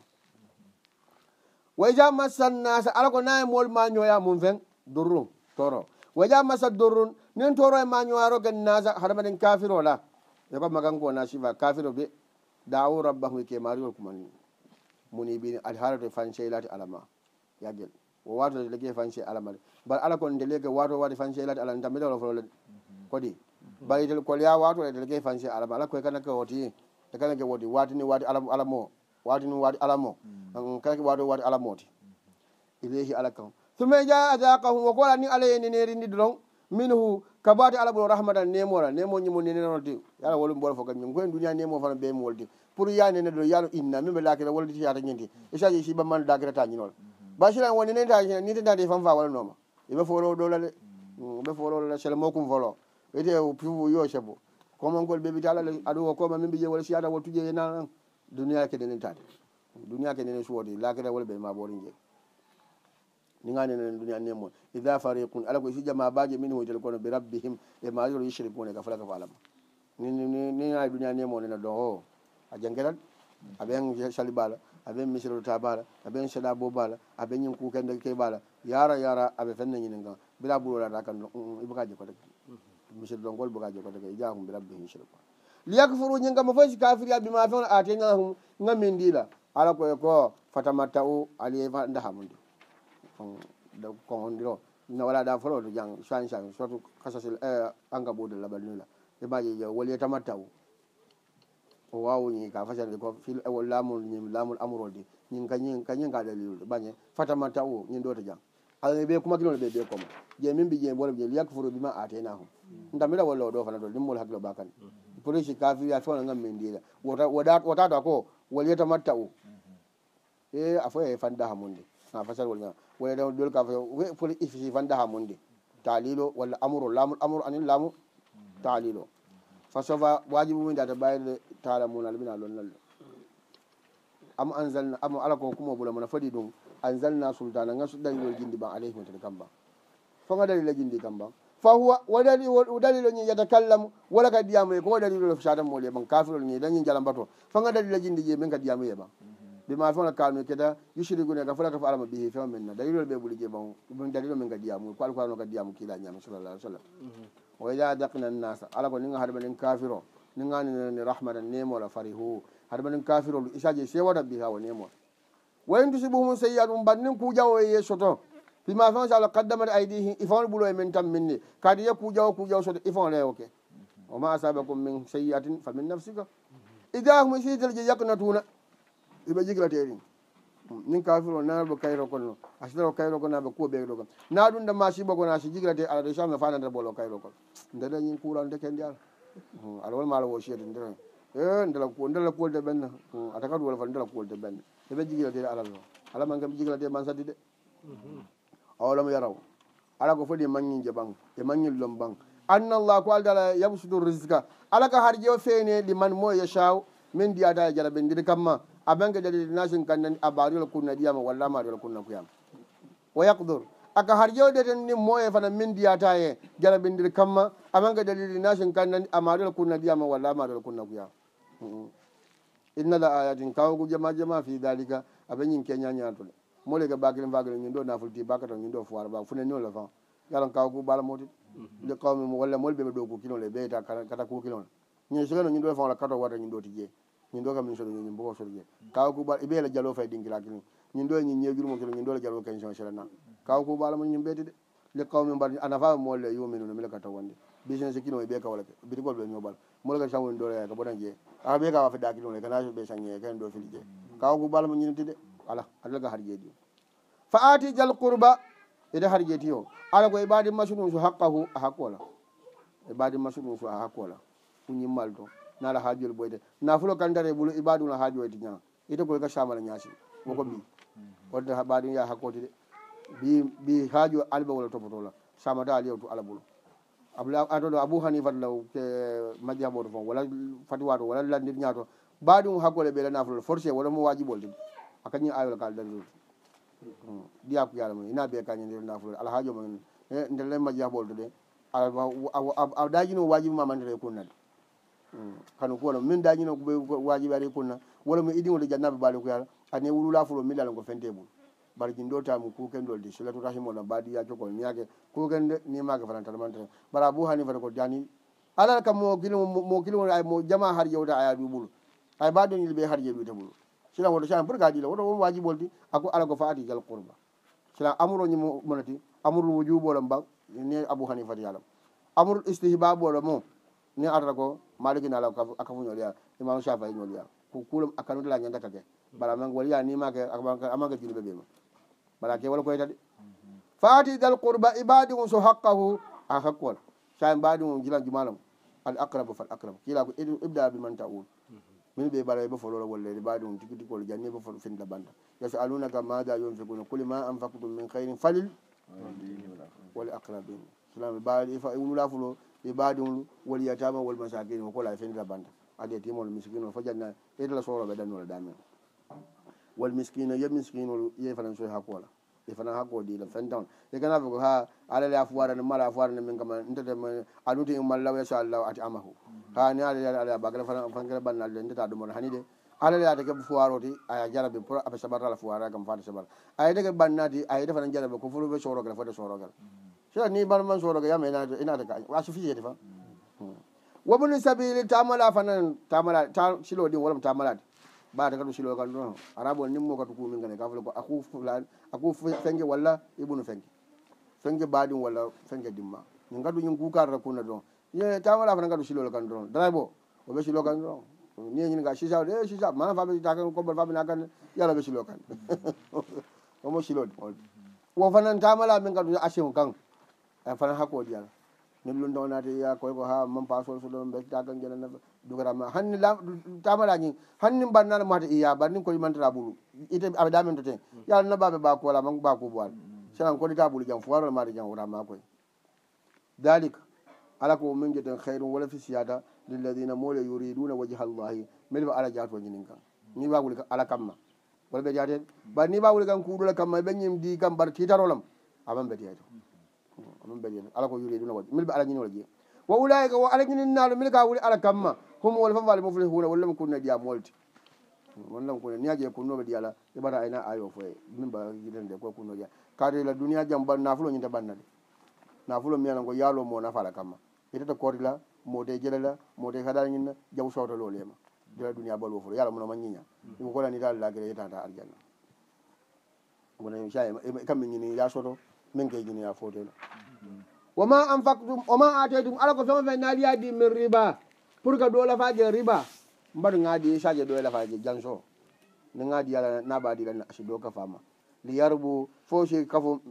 waja massannasa ala ko nayi mool ma ñoya mum feng durrum toro waja massa durrun nin toro e ma ñowaro gen nasa haɗa maɗen kafiro la yoko magan ko na sifa kafiro ɓe dawo rabba hu ke mariol kumani muni bini alharato e fanchey lati alama yagel o wato delegue fanchey alama de bar ala kon delegue wato wade fanchey lati alama tambe dawlo fulole mhm. kodi bari tel kol ya wato e delegue fanchey alama ala koy kanaka woti e kanake woti e watini wadi alamo watini wadi alamo mhm. mm, kanake wato wadi alamoti ilehi ala kan sumeja adaqahum wa qala ni alayni e nerindi dolon minhu kabaati ala ɓuro rahmatan e nemora nemo ñimo nenenoo diw yala wallu mboro foga ñim koyen duniat nemo fana ɓe mool diw pour ya nene ɗo yaano inna mimɓe lakira wallu tiyata ñinti e chagi si ɓamman dakira tañinola basilan wo nenenta nitedade fam fa walla nooma yoɓe folo ɗola de ɓe folo ɗola sele mokum folo ete fifo yo sebbo commankol ɓeɓitala aɗoo koma mimɓe ƴe walla si ata wattuƴe enaan duniat ke nenentade duniat ke nene suwode lakira walla ɓe ma ɓoore jeeg niganenen duniya nen moon ida fariqun ala ko sija ma baje min hoytel kono be rabbihim e maajoro yushrikuna ka falaka fa alama nini duniya ne moon ena doho a jangetat aɓen sali bala aɓen misirota bala aɓen seɗa bo bala aɓen ñin kukende ke bala yara yara aɓe fenne ñinen kan bira mm, ɓuroɗata mm, kan ibaka jekotake misir dongol boka jekotake ijaahum bi rabbihim yushrikun liyakfuru ñingama fo si kafiri a ɓima fen atenahum gamindila ala koye ko e fatamatta u aliye fa ndahamude kongodiro no walaɗa folo to jang chan chan surtout kasasel eh, anka ɓoda laɓal nula emaji jo wol yetama taw o wawñi ka facade ko fil ewol lamol ñim lamol amorode ñin kañin kañin ka ɗalilude bañe fatama taw o ñin ɗo to jang alani ɓe kumakinole ɓe ɓe koma je min mbi je bole je yak foro ɓima atena ho ndamira walla o ɗo fana ɗo ɗimmol hakkilo ɓakane polici kafiya fewna gam min ndila wota wotata ko wol yetama taw e eh, a foya e fandaha mun de ha fasalwol mema woni ɗon ɗol ka fe foti ifisi fanda ha munde taalilo walla amouro laamu amouro anen laamu taalilo fasofa wajibu mum data ɓayde taala mun alɓina lonnalɗo amo anzalna amo ala ko kumo bula mona fadi ɗum anzalna sultana ga su dalilol jindi ban alayhi wontan kam ban fanga dalila jindi kam ban fa huwa wa dalilo ñi yatacallamu wala ka diyamuye ko wa dalilol satanmoolye ban kafirol ñi dañi jalambato fanga dalila jindi je min ka diyamuye ban mm -hmm. bima fewna kanu keda yushrikuna ka fota ka fo alama ɓi he fewa menna dalil ol ɓe ɓuuri ge bao dalil o min ga diyamu ko alkurano ga diyamu kila ñama sallallah alih w sallam mhm. wa ida dakna nnasa ala ko ninga haɗamanin kafir o ningani rahmata nemola farihu haɗamanin kafir o isaji sewata um e bi hawa nemol wayintu siɓumum seyya ɗum bannin kujawo e yesso to bima fewa so allah kaddamata aydi hi ifon ɓuuro e min tan minni kadi ye kujawo kujawo soto ifon rewo ke oma asaba kum min seyyatin famin nafsika mhm. ida hum sidel je yaknatuna yoɓe jigilateri min mm, kafiro nanaɗo kayro konno asinao kayro ko naɓe kuo ɓeydo kam na ɗum ɗa masibo kono asi jigilate ala de chamme fana nder bolo kayro kol ndeɗañin kuran de kendi ala mm, aɗa wol maalo wo siede nder e ndela ndela kuolde ɓenna mm, ata kadu wolfa ndela kuolde ɓenna yoɓe jigilatere alal o alaman kam jigilate man sadi de mhm. olam yaraw ala ko foti manñinje ɓan e manñin e lom ɓan annallah ko aldala yabsudu risqua ala ka harjeo feene ɗi man mo yachaw e min ndiyata e jara ɓendiri kamma abanke jadede nation kandani a baarol kunna ɗiyama walla maarol kunna kuyama wo yakdor aka har ƴewɗeten ni moye fana min diyata he jaraɓindir kamma abanke jadede nation kandani a maarol kunna ɗiyama walla maarol kunna kuyama inna la ayatin kawgu jama jama fi dalika aɓe ñin keñañatole molega bakiri bagiri ñin ɗo nafulti bakata ñin ɗo foir ba funen niola fan yaran kawgu ɓala moti mm-hmm. nde qawmi walla molɓeɓe ɗo kukinole ɓeyta kata kukinole ñin sogano ñin ɗo fanla kato warta ñin ɗo ti jeey min ɗo kam min soɗo min boko soɗo je kaw kuɓal ɓe la jalo fay ɗinkira kini min ɗo e ñin ñewjur mon kino min ɗo la jalo kañ sonsere na kaw kuɓala mon ñin ɓeyde de le kaw min mbar anafa molle yumino no mila ka taw wonde business kino ɓe kawla ke bitigol ɓe ñoɓal molle ka sangoni ɗo ka boɗan je a ɓe kawa fe ɗakino le kana ɓe sañe kan ɗo fili je kaw kuɓala mon ñinitide ala adala ka harjeji o fa ati jal qurba ede harjeti o ala ko e ɓadi masudum so haqqahu a hakkola e ɓadi masudum so a hakkola ku ñimmal to nala hajuel ɓoyde nafulo kandare ɓolo iɓa ɗum a haaju woyde ñana ita gol ka chambala ñaasi woko mbi onde ha ɓaɗum yaa hakkode de mbi mbi haaju alɓe walla topotola chambata aliyewtu ala ɓolo aɗoɗo abou hanifatlaw e majji hamoto fon wala fatiwa to wala landir ñaato mbaɗum hakkode ɓeela nafulol forcé wala mo waji ɓolde a kañi awel kal dandirto ɗiyaku yala mu ina be kañe nder nafulol ala haajo mumen nder le majji haɓolto de aa ɗajino wajibi mamandire kunnade kano kuwala min dañino ko waji ɓe ari kunna wala mi idi ngode jannaɓe baali ko yala ane wululaa fulo min ɗala ko fente mum bara jin ɗo tami kukendol di solatu rahimola mbadi ya cokol miyake kukende nimake fana tanamantata bara abou hani fata ko jani alal kam mo kilimo mo kilimo ay mo jama har jewde aya du ɓulo ay mbaɗon yilɓe har jeɗu te ɓulo sila woto sana pour ka ɗila woto on waji ɓolti ako ala ko faati jal kurba sila amour oñi mo monati amour wo juuɓolo mba ne abou hani fata yalam amour istihibaɓolo mo ni arata ko maliki nala a kafu ñoliya imam shafai ñoliya ko kulum a kanu dala ñanta kake bala mang wali ya ni ma ke a mang ke jinibe bema bala ke wala koyta di fati dal qurba ibadi un so haqqahu a haqqol shay ibadi un jilan jumalam al aqrabu fal aqrab kila ko ibda bi man ta'ul min be bala be folo wala le ibadi un tikiti ko janni be folo fin da banda yasaluna ka madha yunfiquna kul ma anfaqtum min khairin falil wal aqrabin salam ibadi fa ulula fulo ɓe ɓaɗum wol yiyatama wol masakine o kola e fenira banta ade e timol miskine o fojanna etala sorooɓe ɗannola damen wol miskine yo miskinol ye fana soy hakkola ɓe fana hakko dila fentan e kana fogo ha alale a fowarane mala a fowarane min kama ntatem aduti e mallaw inchallah ati amahu ha ni alalale a bagre fankere banna alle ndeta ɗumon hani de alale ate keɓe fowaroti aya jarabe pour aɓe saɓatala fowara kam fade saɓata ayeyde keɓe bannati ayeyde fana jarabe ko fofɓe sorogal fode sorogal sira ni bana man soroga yama ina inata ga a sufiye de fa wabun sabili tamala fanan tamala ta silo din wala tamala ba daga dun silo kan don arabo nin mo ka duku min ga ne ka fulo ko aku fulan aku fenge wala ibnu fenge fenge badin wala fenge dimma nin ga dun yin guka ra kuna don ye tamala fanan ga dun silo kan don drabo o be silo kan don ni yin ga shisha de eh, shisha man fa be ta kan ko ba na kan yala be silo kan o mo silo wo fanan tamala min ga dun ashe kan fana hakkodiyal min lum donati ya koy ko ha mam pasol so ɗon bettagal jala nafa dugarama hanni tamaraji hanni mbannano mata iya banni koye mantata ɓuulu ite aɓe damen to ten yaala nabaɓe ɓa koala ma ɓa kuboal sanan kodita ɓuulu jam fowarol mata jam wurama koye dalik ala ko min jeten hayru wala fi siyata lilladina mole yuriduna wajha llahi mbeɗe fo ala jato jinin kan ni wa wuli ala kamma wala ɓe jaten ba ni wa wuli kan kuɗola kamma ɓe ñim di kam mbaɗa titarolam aman ɓe tiyato ɗum ɓe ñin ala ko yuri e ɗum nowaɗi mbilɓe ala ñini wala jeeya wo wulaye ko ala ñini naaɗo mbil ka wuri ala kam ma homo wala fofaali mo fule huuna wollemo kunne ɗiya molde wonlam kune niya jee kunnoɓe ɗiyala heɓata ayna ayo fo e mimba jidende koye kunnoja kadila duniat jam ba nafulo ñinta ɓanna de nafulo mbiyana ko yaalo mo nafala kam ma itata korila mote jelela mote haɗala ñinna jaw sowtalolema dela duniat baluo fulo yaala munoma ñiña imo kolanita lakire yetata aljanna gone sa e- e- kammi ñini ya soto min kay ñini ya fotelo woma anfaktum oma ate ɗum ala ko fema fe naliyadi min riba pour que ɗo lafaje riba mbaɗo gaadi sadje ɗo e lafaje janso ne gaadi yala naɓadilana asi ɗo ka fama li yarbu fo si kafu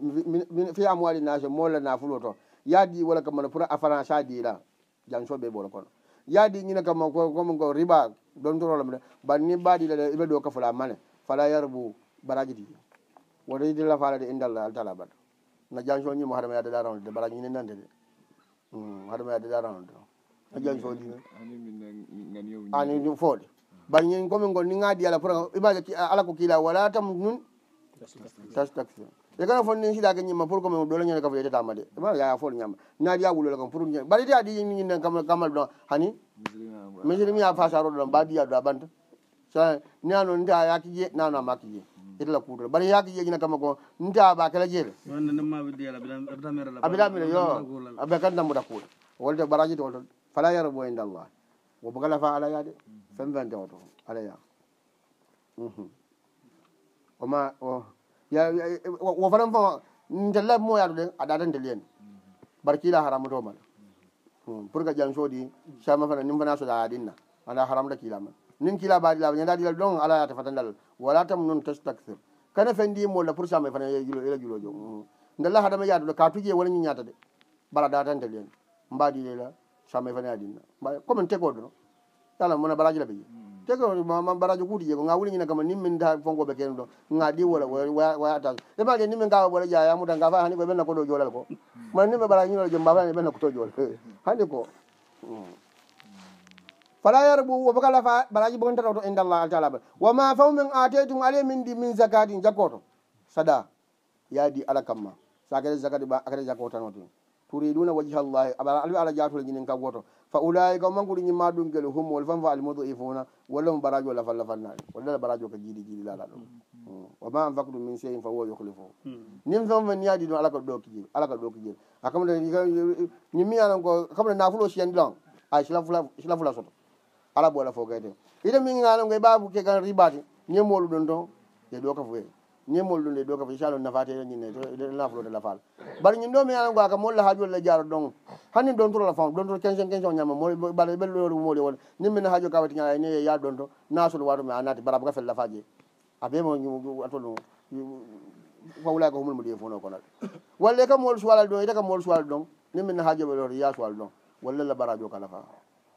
fi amwali nase molla na fulo to yaadi wala kamana pour afaran sadila janso ɓe ɓola kono yaadi ñina kamma comme ko riba dontorolam de banni ɓaɗila ɓe ɗo ka fula mane fala yarbu baraji ɗi wotaidi lafalade indallah altalabat na jansooñi mo haɗa ma yadde daranode de mbaɗa hmm, ñine nande de haɗa ma yadde daranode no jansooñi ani fooɗe bañin commun ngol ni ngaadi ala pour image ala ko kiila wala tam nun tas taxe e kana fon nin siɗake ñimma pour comme ɗo leñane kafo yetetama de yaya fo ñamma naadi a wulole kam pour mbaɗiti a ɗiñinne kamal ɗon hani misirimi a fasaroɗo ɗon mbaɗiya ɗo a ɓanta sa ni a noon ta yakkijee nano a makkijee hirla kuudol bara yaaki yeeƴina kama ko nte aɓa kala jeere abidamire yo aɓe kan dammbuɗa kuuɗa wolde ɓarajide oto fala yaro ɓoye nde allah wobo kala fa ala yaade fen fente oto ala mhm. ya oma wo fanan fo ntellaɓe mo yaatude aɗaata ndeliyen bara kiila haramutomaɗa mhm. pour que jan soodi cama fana nim fana soda aɗinna ala haramta kiilama nin kila baɗi laaɓa ñanda ɗilal ɗon ala yata fatandal wala tam noon tastaxir kane fendimolla pour cam fana ela juulojo mm. ndalla hadama yaade ɗo katuji wona ñiñata de bala datante lien mbaɗi lela cam fana yadinna mba comme n tegoɗo no yalah mona baraji la ɓeji mm. tegoma baraji kuuti jeego nga wulñina kama nin min da fonkoɓe keen ɗo nga ɗi wola wayata emaɗe ni min gawa wola jayamuda nga fa hani koy ɓenna koɗo joolal ko mana ni ɓe baraji ñinola jo mbafa ɓenna e koto joolal hani ko mm. fala yarbu wobakala fa balaji bontatawto indallah al taala ɓa woma faw min ate tum ale min ndi min zakati jakkoto saɗa yaadi ala kamma sa kede zakati ɓa akede jakkotano tun turiduna wajhallahi aɓala alɓe ala jatole ñinin ka goto fa ulaika manguɗo ñimma ɗum gel humol fan fa almudifuna wallamo barajo lafal lafannaɗe wallala barajo ka jiiɗi jiiɗi lala ɗum mm. woma an fakdu min seyin fa wo yohlifo mm. nin fen fe niyaɗi ɗum alakaɗo ɗokijel alakaɗo ɗokijel akamɗe ñimmi anan ko kamɗe nafulo siyanɗilan a silafula soto ala ɓo waɗa fo kayte ida min gano ngoye ɓaabu ke gan ribati ñemmolu ɗon ton ye ɗo ka foye ñemmolu ɗon ɗe ɗo ka foye sa lo nafatee ñinne nafalode lafaal bari ñin ɗo mi ano gaka molla haajol le jaro ɗon hanni ɗon toro la fam ɗon toro quinze quinze o ñamma mobal ɓelloore moɗi wona nin mine haajo ka wattiñaa ne ye yaa ɗon to nasol waato mi a naati barabu ka fel lafaaje a be mo atolu fawulaa ko humulmo ɗie fono konoɗ walla ka mool suwalade ɗon ita ka mool suwalde ɗon nin mine haajo ɓelore yaa suwalde ɗon walla la baraajo ka lafaa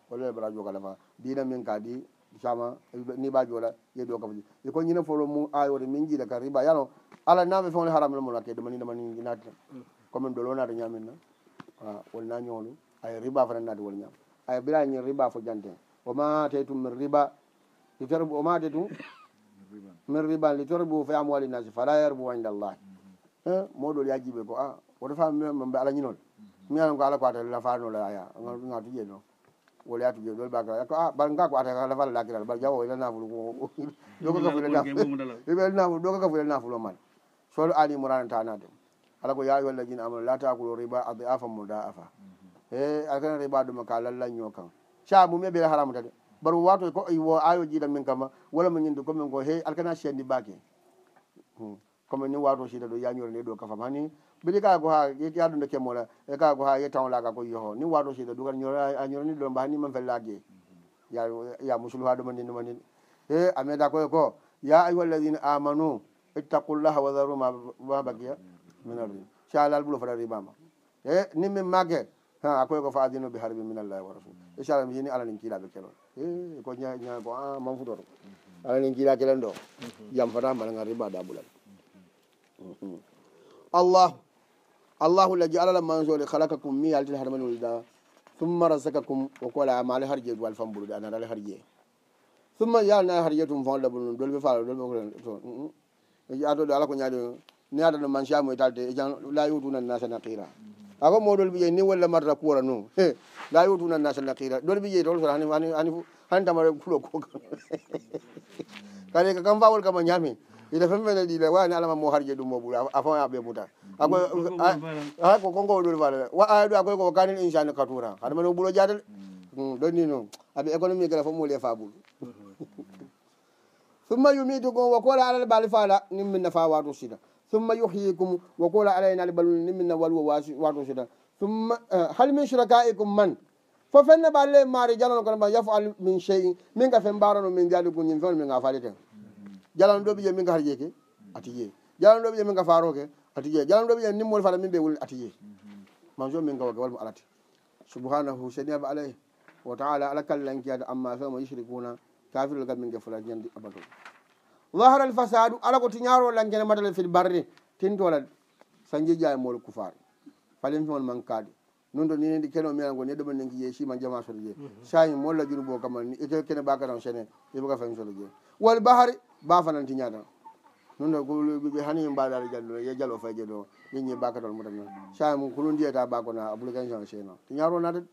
kolle bara joga lafa dina min ka di sama ni ba jola ye do kafa e ko nyina folo mu ayo de min jida ka riba yano ala na be fonu haram mo nakke de mani mani ina ta ko men do lona de nyamin na wa wol na nyolu ay riba fa na de wol nyam ay bila nyi riba fo jante o ma te tum riba li tarbu o ma te tum min riba li tarbu fa am wali nas fa la yarbu inda allah eh mo do ya jibe ko ah o do fa me mbe ala nyinol mi ala ko ala ko ta la fa no la ya ngal ngal tije no wole atu jo dol bagala ko a ah, bal ngako ata la fal la kira bal jawo ina nafulu ko do ko fulu da ibe nafulu do ko fulu nafulu man so do ani murana ta na dem ala ko ya yo la jin amul la ta ko riba adi afa muda afa e ala kan riba do makala la nyo kan cha bu me be haram ta bar wato ko e ayo jidan min kama wala min ndu ko min ko he ala kana shendi bake hmm comme ni wato sida ɗo yañore nde ɗo kafam hani mbiɗi kaa go ha yaadude kemmola e kaa go ha yettaolaga ko yeho ni wato sida ɗu añore ni ɗo mba hani man fellage ya ya musulu ha ɗuma ni ɗuma ni e a meeda koye ko ya ayuha alladina amanu ittaqullaha wa daru ma bakia min ardin salal ɓulo fada rimama e ni min make ha akoye ko fa adinu bi harbi min allahi wa rasul inchallah e, mi jini alanin kiilaɓe kelon e ko ñaa ñaa ko a manfutoto alanin kiilaa kelen ɗo yam fata mbaɗa ga ribaɗa ɓulal allah allahu lladi alala mansore halakakum mi yaltil harmanulda tumma rasakakum wokola amale harje dual fambolude anarale harje tumma yalna harje tum fon labo num dolɓe fala dolɓe to mm, mm. atoɗo ala ko ñaade neadano mansiamo e talte e jan la yotuna nasa naqira ako mo dolɓe jeyi ni walla marta kuora nu la yotuna nasa naqira dolɓe jeyi tol hani tamare fulo koka kadi kam fawol kama ñaame ina femmene ɗile wawani alama mo harje ɗum mo ɓuuri a fawa ɓe muta aa ko konko mm. Mm, ɗon fa wa aya ɗu akoy koo kanin inchane katuran haɗa mano ɓuuro jadel ɗonni noon aɓe économie gara fof mo lee fa ɓuuru summa yumitukum wo kola alal baali faala nin minna fa wato sida summa yuhyikum wo kola alay naali baluni nin minna walwo wato sida summa eh, hal min chorakaikum man fo fenne baalile maari jalano kono ba yafal min cheyin min ka fen mbarano min jaali kuñin fewno min ga faali ten jalano ɗoɓi je min gahata jeeke ati yeey jalano ɗoɓi je min ga faroke ati yeey jalano ɗoɓi je nimmode fata min ɓe wulni ati yeey man jo min gawage walmo alati subhanahu seni aba alay wa taala ala kallankiyade amma fewmo yushrikuna kafirol gal min gefula ñandi abado wahara l fasadu ala ko tiñaro lankene matala fil barre tintola sanjiƴa e mol koufar falin fewol mankade non to nini keno mian go neɗoma nenki yeesima jama soto jee sayi molla junubo kamani ete kene bakadan sene ibaga fami soto jee wal bahari bafananti ñaata non de koɓe hani min mbaɗare jalɗo ye jal o fayje ɗo min ñi bakatol mu tana sam ko non ndiyata bakona obligation seno ti ñaaro naatat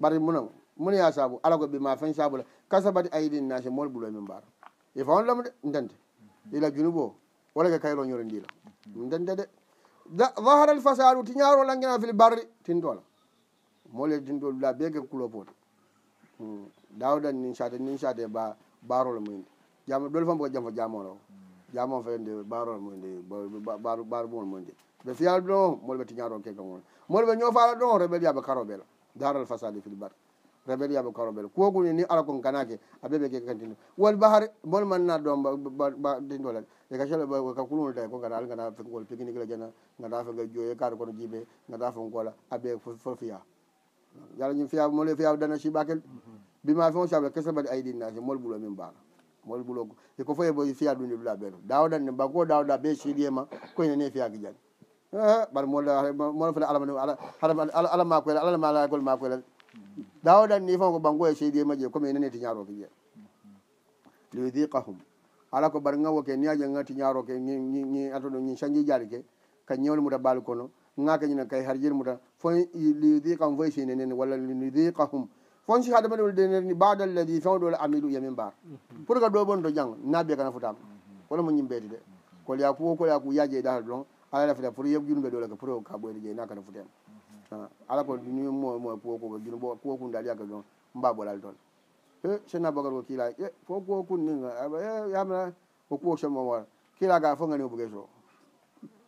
ɓar hmm. munam mun ya saabu ala ko ɓima fen saabule kasabati ayidin nase mol ɓulo e min mbaara i fawon ɗam de ndente ila junu bo wala ke kayro ñoro ndila ndente de zahara alfasadu ti ñaaro langina fil barri tintola mole tintol la beke kulopote hmm. dawdan nin sate nin sate ba barol muyde jam ɗole fam ko jam fo jamono o jamon fe nde barono mude baro mumon mude ɓe fiyal ɗo moɗoɓe tiñaro keka mon moɗoɓe ñofala ɗo rebel yaɓe karobel daral fasade filbat rebel yaɓe karobel kokuni ni ala kon ganake aɓeɓe keka kantine wol bahare bon manna ɗo ɗole e kacele ka kulun tawi ko gada al gada fegol piginigla jana gada fega joye kaɗa kono jiɓe gada fo gola aɓe fo fiya yalañim fiya moɗo fiya dana cibakel mm-hmm. bima fe o cabla kesa mbaɗi ayiɗinnaki mol ɓuuro min mbaɗa wol ɓulogo eko fo eo fiya ɗum ɗiɗula e ɓeeɗo dawɗan ne mbago dawɗa ɓe ceeɗi ema koyenene fiyaki jani ah, ɓar molmoɗo fele alaaala makoel alalamalagol makoel dawɗan ni fon ko ɓango e ceeɗi ema je comme enene tiñaroke je liudiqahum ala ko ɓar gawoke niaje ga tiñaroke i atoɗo ñin changi jaɗi ke ka ñewle muta baali kono gakañina kay e harjir muta fo liudiqahum fo e ceeɗi enene walla liudiqahum fonci haade mbaɗe wonde nder ni baadal ladi fewɗole amilu yamin mbar mm-hmm. pour que ɗo ɓon to jang naabiya kana fotama hono mm-hmm. mo ñimbede de kolya ku o kolya ku yaaje e ɗata ɗon ala nafata pour yejjunɓe ɗo lake pour ka ɓoyde jeyna kana foten mm-hmm. ah, ala ko ni mo mo puwo ko jun bo kuwo kun dali yaka ɗon mba ɓolal toon e chen nabagar ko kiila e fo kuwo kun ni yamna ko kuwo chenmomoa kiila ga fo gani o bogueso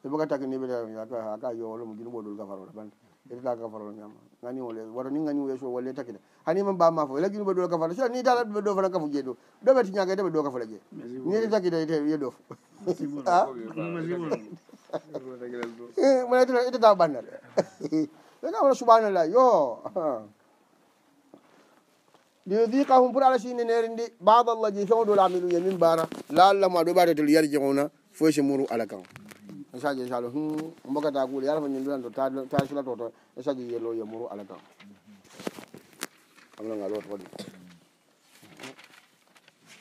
e boga takni ɓeɗa aka yowolomo jun ɓo ɗol gafarola banta ita gafarol ñama ganiwo le wara ni gañi yeso walle takkita hani man bamma fo lagi ɓe ɗo gafata so ni tala ɓe ɗo fana kafu jee ɗo ɗo ɓeti ñaga ta ɓe ɗo kafata jee nite takkita ite ye ɗof mana ita ta ɓannal ɓeka wona subhanallah yo liyudikahum pour ala sini neri ndi baadallah ji fewo ɗo lamilu ye min bara lallama ɗo ɓatatel yarjeona foy se muru ala kan échange échange hum mbogata guule yarafa ñin ɗumen to ta sila toto échange yello yemuru ala kam amna ngal otoɗi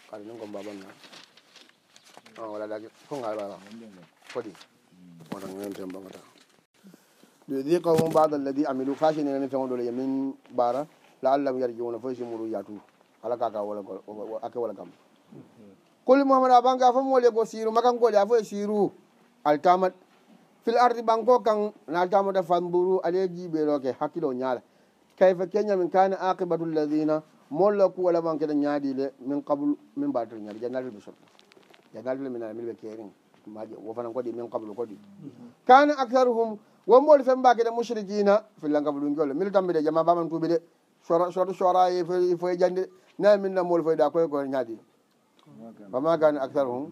kaɗa nen kom babanna a ah, wala daki ko ngal baba fodi wata ngayen ten mbogata yudikahum e bada alladi amilu fasinenene feŋoɗole yemin bara la allahum yarjiuna fo simuru yatu ala kaka wala ake wala kam kuli muhamad a bangafo moolie go siru makan goli a fo e siru altama fil ardi ɓanko kan naltamata famburu aɗe jiɓeroke hakkilo ñaala kayfa keña min kani aqibatu lladina molla ku wala ɓan keɗa ñaadi le min kabulu min mbatol ñaali jannatul misol jannatul minana min ɓe keerin maje wofanan koɗi min kabulu koɗi kani aktaruhum wonɓoli fembe keɗe mushrikina fillankabulunkiolo mbiɗa tambi de jama baman tuuɓi de soto sora e foye e jandi nayi minna mooli foyda koye koye ñaadi fama kani aktaruhum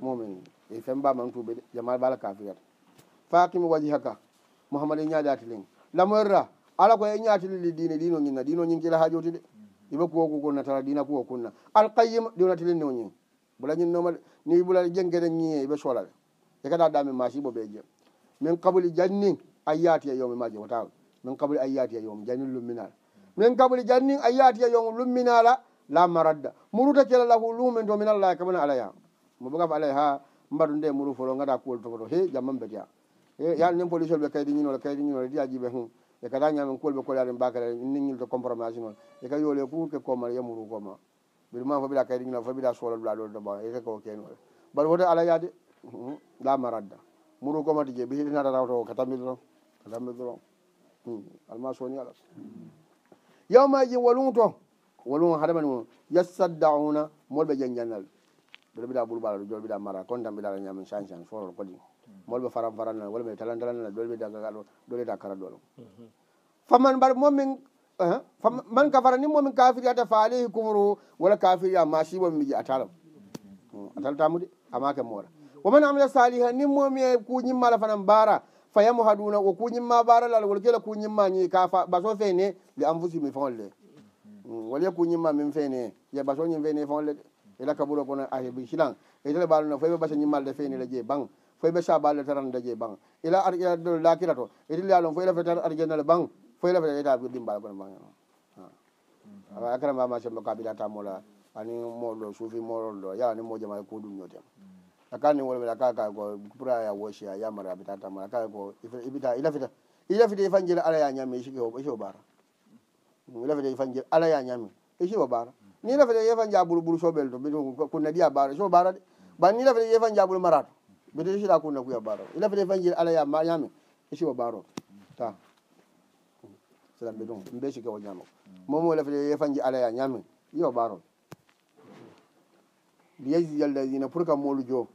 mumini e fembamantuɓe de jamal bala kafirata fakimi waji haka mouhamad e ñaƴati len lamoyerra ala koye ñatilili dine ɗino ñinna ɗino ñinkila ha jotiɗe iɓe kuwo kukunna tara ɗina kuwo kunna alkayim ɗiwnatilinno ñin bula ñinnomaɗe ni bula jengkede ñie iɓe soolaɓe e kada ɗa min masibo ɓe je min kabuli jannin a yaati e yowmi maje wotawa min kabuli a yaati e yowmi jannin lumminala min kabuli jannin a yaati e yowmi lumminala la maradda mo ruta kelala ko lumminto min allah kamana alaya mo ɓogaf alay ha mbaɗu nde muru folo gaɗa kuwol tokoto he jamman betiya yaani nin policiol ɓe kaydi ñinole kaydi ñinole ɗiya jiɓe hum e kada be kuwol ɓe kolyaɗen ni niñil to compromise noon e ka yole ku ke komal ya muru goma koma ɓiɗuma fo ɓiɗa kaydi ñinole fo solo la do do ba e ko kenole bal foto ala yaade la maradda muru goma komati je ɓi da rawto ka tambi doron ka tambi doron alma soni alas yawma wolum walunto walun haɗamani mum yassaddauna molɓe jen jannal ɓeɗo mbiɗa ɓurɓala ɗo joɗo mbiɗa mara kon tan mbiɗa ala ñamen change change fonor kodi molɓe faram farana wala ɓe talan talanana ɗo ɓe dagaga ɗo ɗo leyta kara ɗo ɗon mhm. faman mbar momin eh, man kafara ni momin kafiri ata fa alayhi coufrehu wala kafiri amma sibo mi miji atalam hmm, atala tamude amake moora woman amila saliha ni momi e kuñimmala fana mbara fayamu haɗuna o kuñimma baralal wala kela kuñimma ñi kafa baso fene li anfusi mi e fonle mhm. hmm, wala ye kuñimma min fene ye baso ñim fene e fonle de ila e kabulo kono ahebi hilan e tele baalono foyi ɓe basa ñimmalde feeni le jee ban foyi ɓe sabaalde tarande le jee ban ila e arɗol e laakira to e tili yaalon foyi lafe tar arjannale ban foyi lafe ta ɗimbaala kono ban akarambama semba kabila tamola ani moolo suufi moolol ɗo yalani moojama ko ɗum ñootem akani wolɓe aka kay ko pour ya woosi a yamara abita tamola kay ko ibita ilafita ilafita i fanjel ala ya ñami i sigi o ɓaara ilafita i fanjel ala ya ñami i sigi o ɓaara ni la fede yefa jaɓuru ɓuru soɓel to kunna ɗiya ɓaro so ɓara de ban ni la fede yefa jaɓuru marato mbeɗe sida kunna kuya ɓaro i la fede fa jir alaya ma ñame e siwo ɓaro ta salambe ɗon mbe sike o ñamo momo la fede yefa ji alaya ñame yiwo ɓaro liyajialladina pour kam molu jo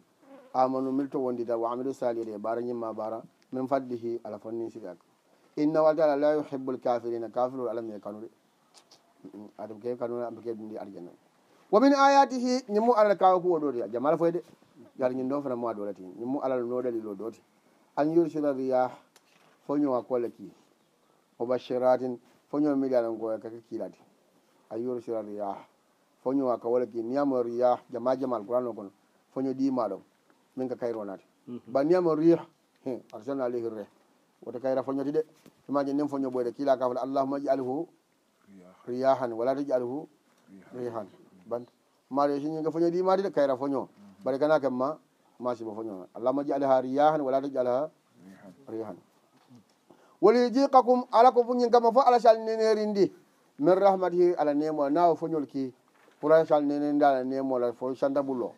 amanu milto wondita wa amilu salire ɓara ñimma ɓara min faddihi ala fannin sidak innawaltaala la yuhibu lcafirina cafirul alam ye kanude adam ke kano ambe ke ndi aljanna wamin ayatihi nimmu alal kawo ko wodori jamal foyde gar nyindo fana mo adorati nimmu alal no dali lo doti an yursila riyah fonyo wa kola ki mubashiratin fonyo miliyana ngoya kaka kilati an yursila riyah fonyo wa kawala ki niyamo riyah jamal jamal qur'an no kon fonyo di malo min ka kayro nati mhm. ba niyamo riyah hin arsalna alayhi rih wata kayra fonyo tide imagine nim fonyo boyde kila ka fala allahumma ij'alhu riyahan wala to ƴalhu rihan bant mari si ñinga foño ɗimadi de kayra foño bare gana kam ma masiba foño allahma ƴalha riyahan wala to ƴalha rihan woli jiqakum ala ko fo ñingama fo ala sal nenerindi min rahmatihi ala nemo nawa foñol ki pour ala sal nenerindi ala nemola fo sandabullo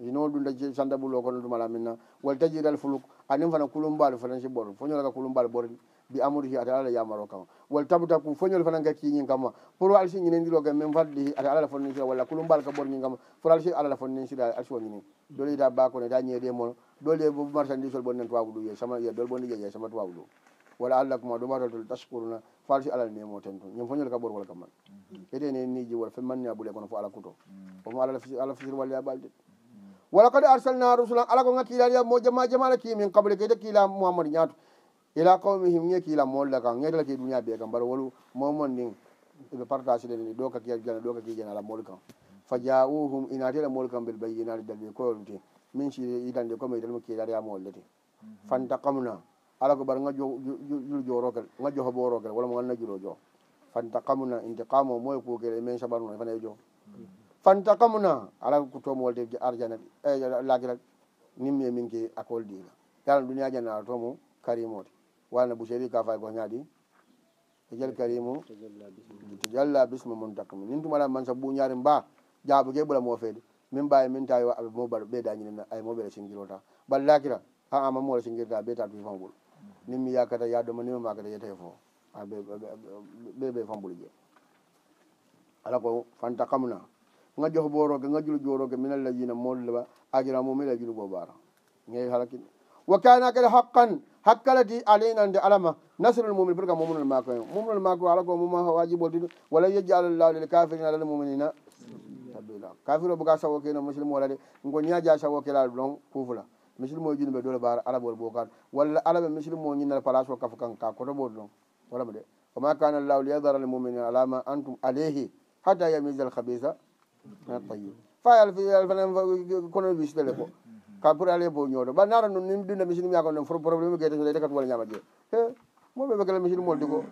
ino ɗumda sandabullo kono ɗumala minna wal tajiral fuluk anin fana kulumbal fanasi ɓor foñolaka kulumbal ɓorɗi bi amadou hi ata alalah yamaro kama walla tabatako foñol fana gakki ñin kamma pour alsi ñine ndiroga min fadde ata alala fon nensida walla kulum mbal ka borñin kamma for alsi alala fon nensida alsi wonñini doli da bakone da ñeeɗe mono doli e marchandisol bonnen towabu ɗu ye sama ye dol bonne jeeje sama towabu ɗu walla allah kuma ɗo mbatol tol taskuruna fo alsi alal nemo ten to ñin foñol ka borwol kamma mm-hmm. etene niji wol fe manni abule kono fo ala kuto mm-hmm. omo alaalah fisir walle a balde wala kadi arsalna rusulan ala ko gakkilaɗiya mo jama jamala kimin kabale kede kiila mohamadou ñatou ila qawmihim ñe kiila moolla kan ñetala ke duña be kan bara wolu momon ndin ɓe partage de ɗo ka kiya jana ɗo ka kiya jana ala mool kan fa jaouhum inatela mool kan mbele bayinati dal ɓe koyolte min si itande comme itanmo kiilata ya moollete mhm. fantakamna ala ko bara nga julo jorokel nga joho ɓorokel walla mo ganna julo jo fantakamna intiqamo moye kukele min saɓanuno fana e jo mhm. fantakamna ala ko tomo wolde arjanat eh, e lakirat nimme min ke akol diga yalan duniya janara tomo karimode walana bouchéri ka fay goñaɗi ejel karimu tajalla bismi mon takmi min tumaɗa man sabu ñaari mba ƴaɓo ke ɓuura mofede min mbawi min tawi aɓe moɓaɗo ɓeydañinina ay moɓele singirota ballakira ha a mamola singirta ɓe ta tui fambuɗo nin mi yakata yaɗoma nima makata yetee fo ɓe ɓe fambuɗo je ala ko fanta kamna ga jof boroke ga julo joroke minallajina molla ajira mumila julo bo bara ñeyi halakin wa kana kada haqqan hakkaladi alaynande alama nasrul mumin pour que mumunol mako en mumunol mako ala ko mum ha wajiɓol tudu wala yejji alah lawlel kafirin alal muminina sabila kafir o boga sawoke no muslim walade ko ñaaja sawoke lal ɗon kufula muslim o jinuɓe dole bar arabol bokar walla alaɓe muslim o ñinnal place o kafa kan ka kotoɓol ɗon walama de oma kana llahu liyadhara al muminin alama antum alayhi hatta yamise al habisa min al tayib fa yalfanakono bistele ko ka pour aller bo ñooɗo ba nara noon nin ɗinna machine ñaako noon fo probléme gueyde so ɗeyde kat wala ñaama ƴee e mo ɓe ɓegala machine molde ko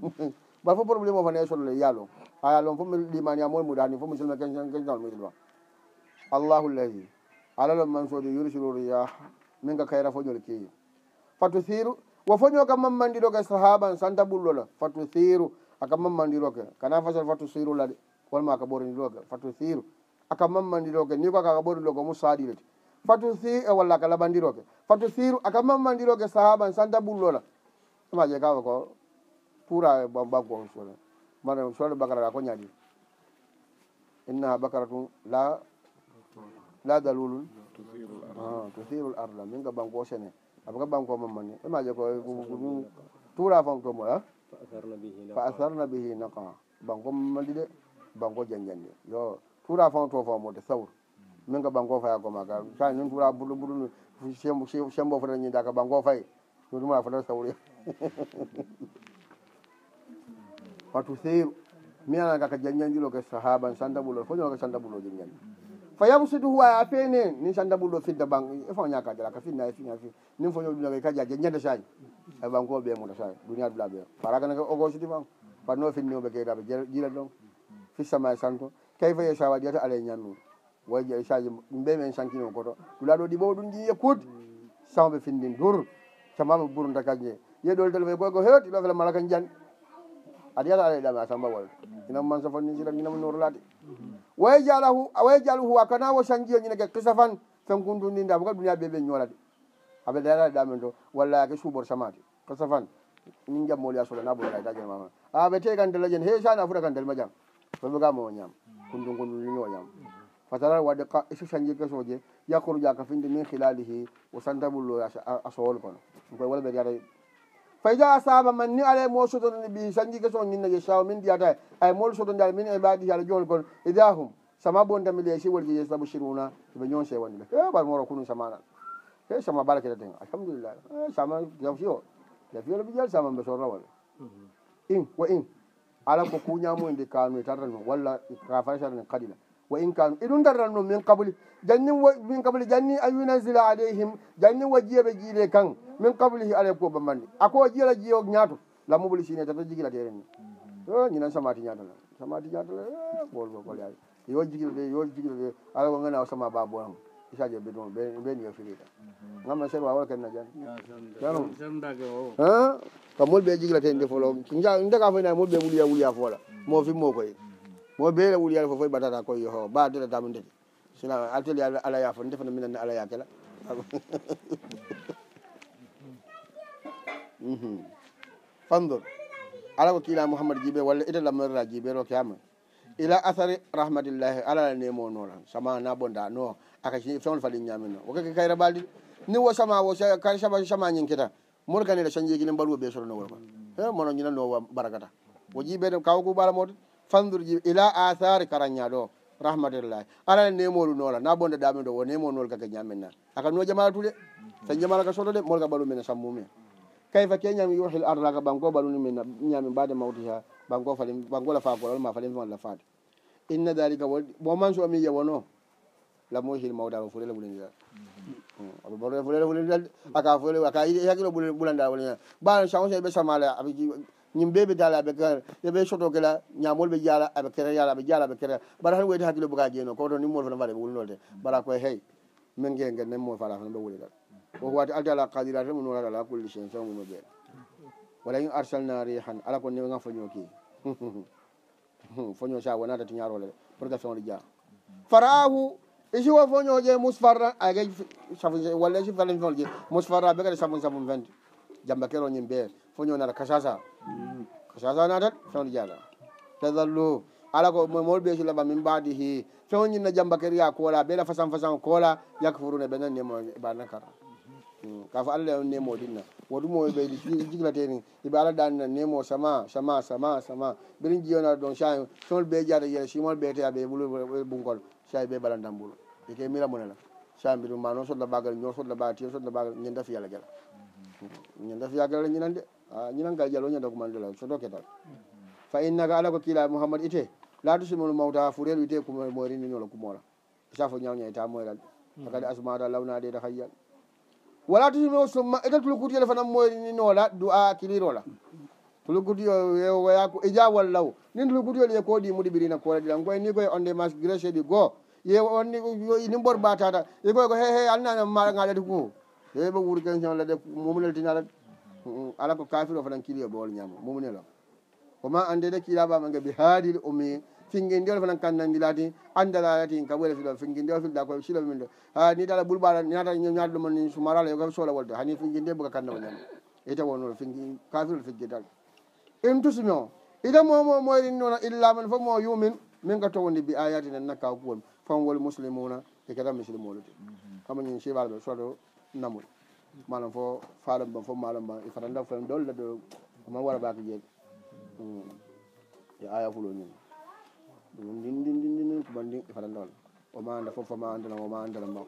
ba fo probléme o fane e solle yaaloon a yaaloon fof mi ɗiman ya mol muɗani fof musilma kesnal musilma allahu llahi alalo man soodi yursiluriya min ka kayra foñol keyi fatu thiru wo foño kam mammandiroke sahaban santa ɓullola fatu thiru aka mammandiroke kana facal fatu siru lade wolma aka ɓorindiroke fatu thiru aka mammandiroke ni ko aka ka ɓorindiroke mu saɗilete fatu si e walla ka laɓandiroke fatu siru aka mamandiroke sahaban santa ɓullola maje kawa ko pura ɓaggon e sol mana solde bakara ka ko ñaɗi innaha bakara tum la la dalulun to sirul ah, arda min ka banko sene aɓaka banko mamani e maje ko tura fantomo a ah? fa asarna bihi naqa banko mamandi de banko jangjandi yo tura fanto famode sawru min ka banko faya maka sa nun tura bulu bulu sembo sembo fa ni daga banko fay dum ma fa tu watu sir na ka janyan dilo ke sahaban bulu, bulo fo ka sanda bulo janyan fa a huwa apene ni sanda bulo fidda bang e fa nyaka jala ka finna finna fi ni fo nyodu ka ja janyan da sai e bango be mo da sai bla be o go di bang fa no finno be ke da be jira don fi sama santo kayfa yashawa diata ale nyanu woy je échange ɗum ɓe men sankino koto tulaɗo ɗi mawɗum ɗi yekkude samaɓe findin dur samaɓe burunta kañje yeɗol tal may koyko hewti ɗofele mala kan jan aɗa yata aɗa yiɗame a samba wol inam man sofoni siran inam norlade woye jalahu woye jalahu a kana wo sankio ñinake kisa fan fenkuntundinde afo ka duniya ɓe ɓe ñolade aɓe dayata ɗiɗamen to walla yake suuɓor samate kisa fan min jammoli a solana bona aytajen mama aɓe te kan dela jen he sane a fuɗa kan delma jam foɓe ga mo ñam kundu kundu liñoo jam fatara wadde ka iso cañde question je yakkoru ƴaka finde min xilalihi o santabullo a sowol kono koy wala ɓeyata faida saba man ni ala mo sodonni ɓi cañdi question ñinna je saw min ndiyata ay mol sodondal min e mbadi ala joni kono ida hum sama bontamile si wol jeje sabosiruna ɓe ñon se wonde e eh, ɓar moro kunu samana e sama barakeda ten alhamdulillah eh, sama jafio jafiola ɓijal sama mbe sorrawal mhm. in wa in ala ko kuñamu ndi kanu tatano walla kafaresarani kadila wo inkanu iɗum tardan ɗum min kabuli janni min kabuli janni a yunasila alayhim janni wo jiyeɓe jiile kan min kabulihi alay ko bambanni ako jiyala jiyo ñaato lammuɓoli sine tata jigila teren ni ñinan samati ñatala samati ñatala ɓolɓokolyay yo jigila ɗe yo jigila ɗe ala ko ngana sama babo am isaje ɓe ɗum ɓe ni yo filita gamma sen wawa kenna jan ka mulɓe jigila teen nde folo ndega fo nay mulɓe wuliya wuliya foola mo fimmo koye mo beele wuli yaale fof foy e ɓatata koye yoho ba dodatamo ndede sina artel yaa alaya fo ndefana minanne alaya kela mhm. fandor ala ko kiila mouhamadou djibe walla ita lamorra djibe ro kiama ila asari rahmatillahi alala nemo noran sama na bonda no aka fewno fali ñamino o kake kayra baldi ni wo sama wo kar sama sama ñinkita moto kanira changeji ne mbaɗuwo ɓe sotono wolma mono ñinanowa barakata wo djibe kawo ko ɓaramode fandurji ila asari karanñaɗo rahmatullahi arae nemolu noola na ɓonde ɗamin ɗo o nemonol kaga ñammenna aka nuwa jamala tude so jamala ka sotode molka ɓalumen sammumen kayfa ke ñami yuhil ardo aka ɓanko ɓalunumen ñami mbade mawtiha ɓanko fali ɓanko la fakolol ma falim fimalla faade inna dalika wo bo man so mi yewono lamuhil mawdaro fulele ɓulendiral aɓeɓaɗe fulele fulendiral hmm, aka fulele aka yiɗi hakilo ɓulendiral wolña ɓaan chance ɓe samala aɓe ñim ɓe ɓe dala aɓe kere yoɓe sotokela ñamol ɓe jaala aɓe kere yaala ɓe jaala ɓe kere bara tan woyde hakkilo boka jeeno koto ni moolfana mbaɗa ɓe wulnolde bara koye hey min ge gen nan mo fala tan ɓe wulidal o wati alde ala kadira tan munorata ala kulli chen sa mumo ɓee wala in arsalna rihan ala ko newega foñoo ki foñoo sa wonata ti ñarole pour que feode dia farahu isi wo foñoo je musfarra ayge safu walla si fale fol je musfarra ɓe kade safu safu fente jambakero ñim ɓee foñoo nara kasasa ko sasana tan fewde jaaɗa tadallu ala ko mol ɓe sulaba min mbadi hi fewo ñinna jamba keriya koola ɓeɗa façan façan koola yakfuruna ɓena e e hmm, nemo banakar kafo allah on nemo ɗinna woɗumo ɓe jiglateni iɓe ala ɗanna nemo sama sama sama sama ɓeɗin jiyona ɗon sa fewol ɓe jaata jeeta simol ɓe teya ɓe ɓungol sa ɓe ɓalandambulo eke mira munela sa mbiɗum ma noon sodla bagal ñoo sodla bagal tio sodla bagal ñanda fiyala gela hmm, ñanda fiya gela reñinande Ah, ñinangal ƴal woñanda ko mandela sodoketal fa innaga ala ko kiila mouhamad ite laatu simono mawta furel wite kumoorininola kumoola safo ñawñayta moyral hakadi hmm. asmada lawnadeda hayyal wala tusimo summa eta tulukutiyole fana moyrininola du a kilirola tulukutiyo woya ko e jawal law nin tulukutiyole ye koɗi muɗi ɓirina koola ɗila koye ni koye onde mas grace ɗi goo ye onni mbor batata ye koye ko hehe alnanamaɗa ngaɗati ko yeɓe wuur kenñalade mumlaltinalade ala ko kafir o fatan kilio ɓool ñama mumne lo koma andede kiilaɓama gabi haalil umi finguindi ol fanan kannandilati andalalati ka ɓole filo finguindi o filda ko silo min de ha ni tala ɓulɓaɗa nata ñaade ɗumo ni sumaralo yo ko soola wolde hani finguindi buga kanna o ñama ita wonoo fingi kafir ol figguital in tusmi o ita momo moyrin noona illamen fo mo yumin min ka towondi bi ayati nen nakka ko won fam wol muslimuna e kata misilmolude mm-hmm. kamañin sibalɓe soto namol manam fo falom ban fo malom ban e fatanta fo dol la do ma wara baka jeg hmm. ya aya fulo ni dum din din din din ko bandi e fatanta wal o ma anda fo fo ma anda o ma anda ma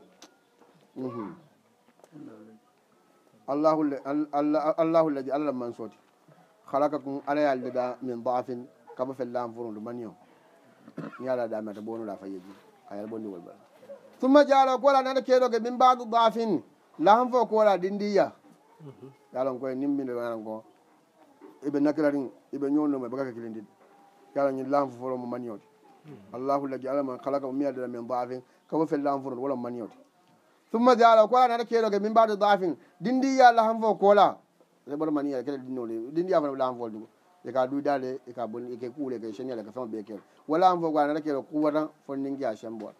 mhm allah allah allah alladhi alla man soti khalaqakum ala yalda da min da'fin kaba fil lam furun dum man yo yala da mata bonu la fayyi ayal bonni wal ba thumma ja'ala qala nana kedo ke min ba'd da'fin lahan fo ko waɗa ɗindiya yalon koye nimbide wanan ko eɓe nakirarin eɓe ñoonoma ɓe kake kilindiɗ yalon ñin lahan fo fotomo maniyoti allahu laggi alama kala kam miya dena min baafin kabo fel lahan fotoo wolam maniyoti summa jaala ko wala nata keeɗoke min mbaɗo baafin ɗindiya lahan fo koola e ɓoto maniya kede ɗinnoɗe ɗindiya fana lahan fol dugo e ka duidade e ka bon e ke kuule e ke chenial e ka fema ɓe keeɗo wala han fo ko wala nata keeɗo kuwatan fo ndinki a chen boɗa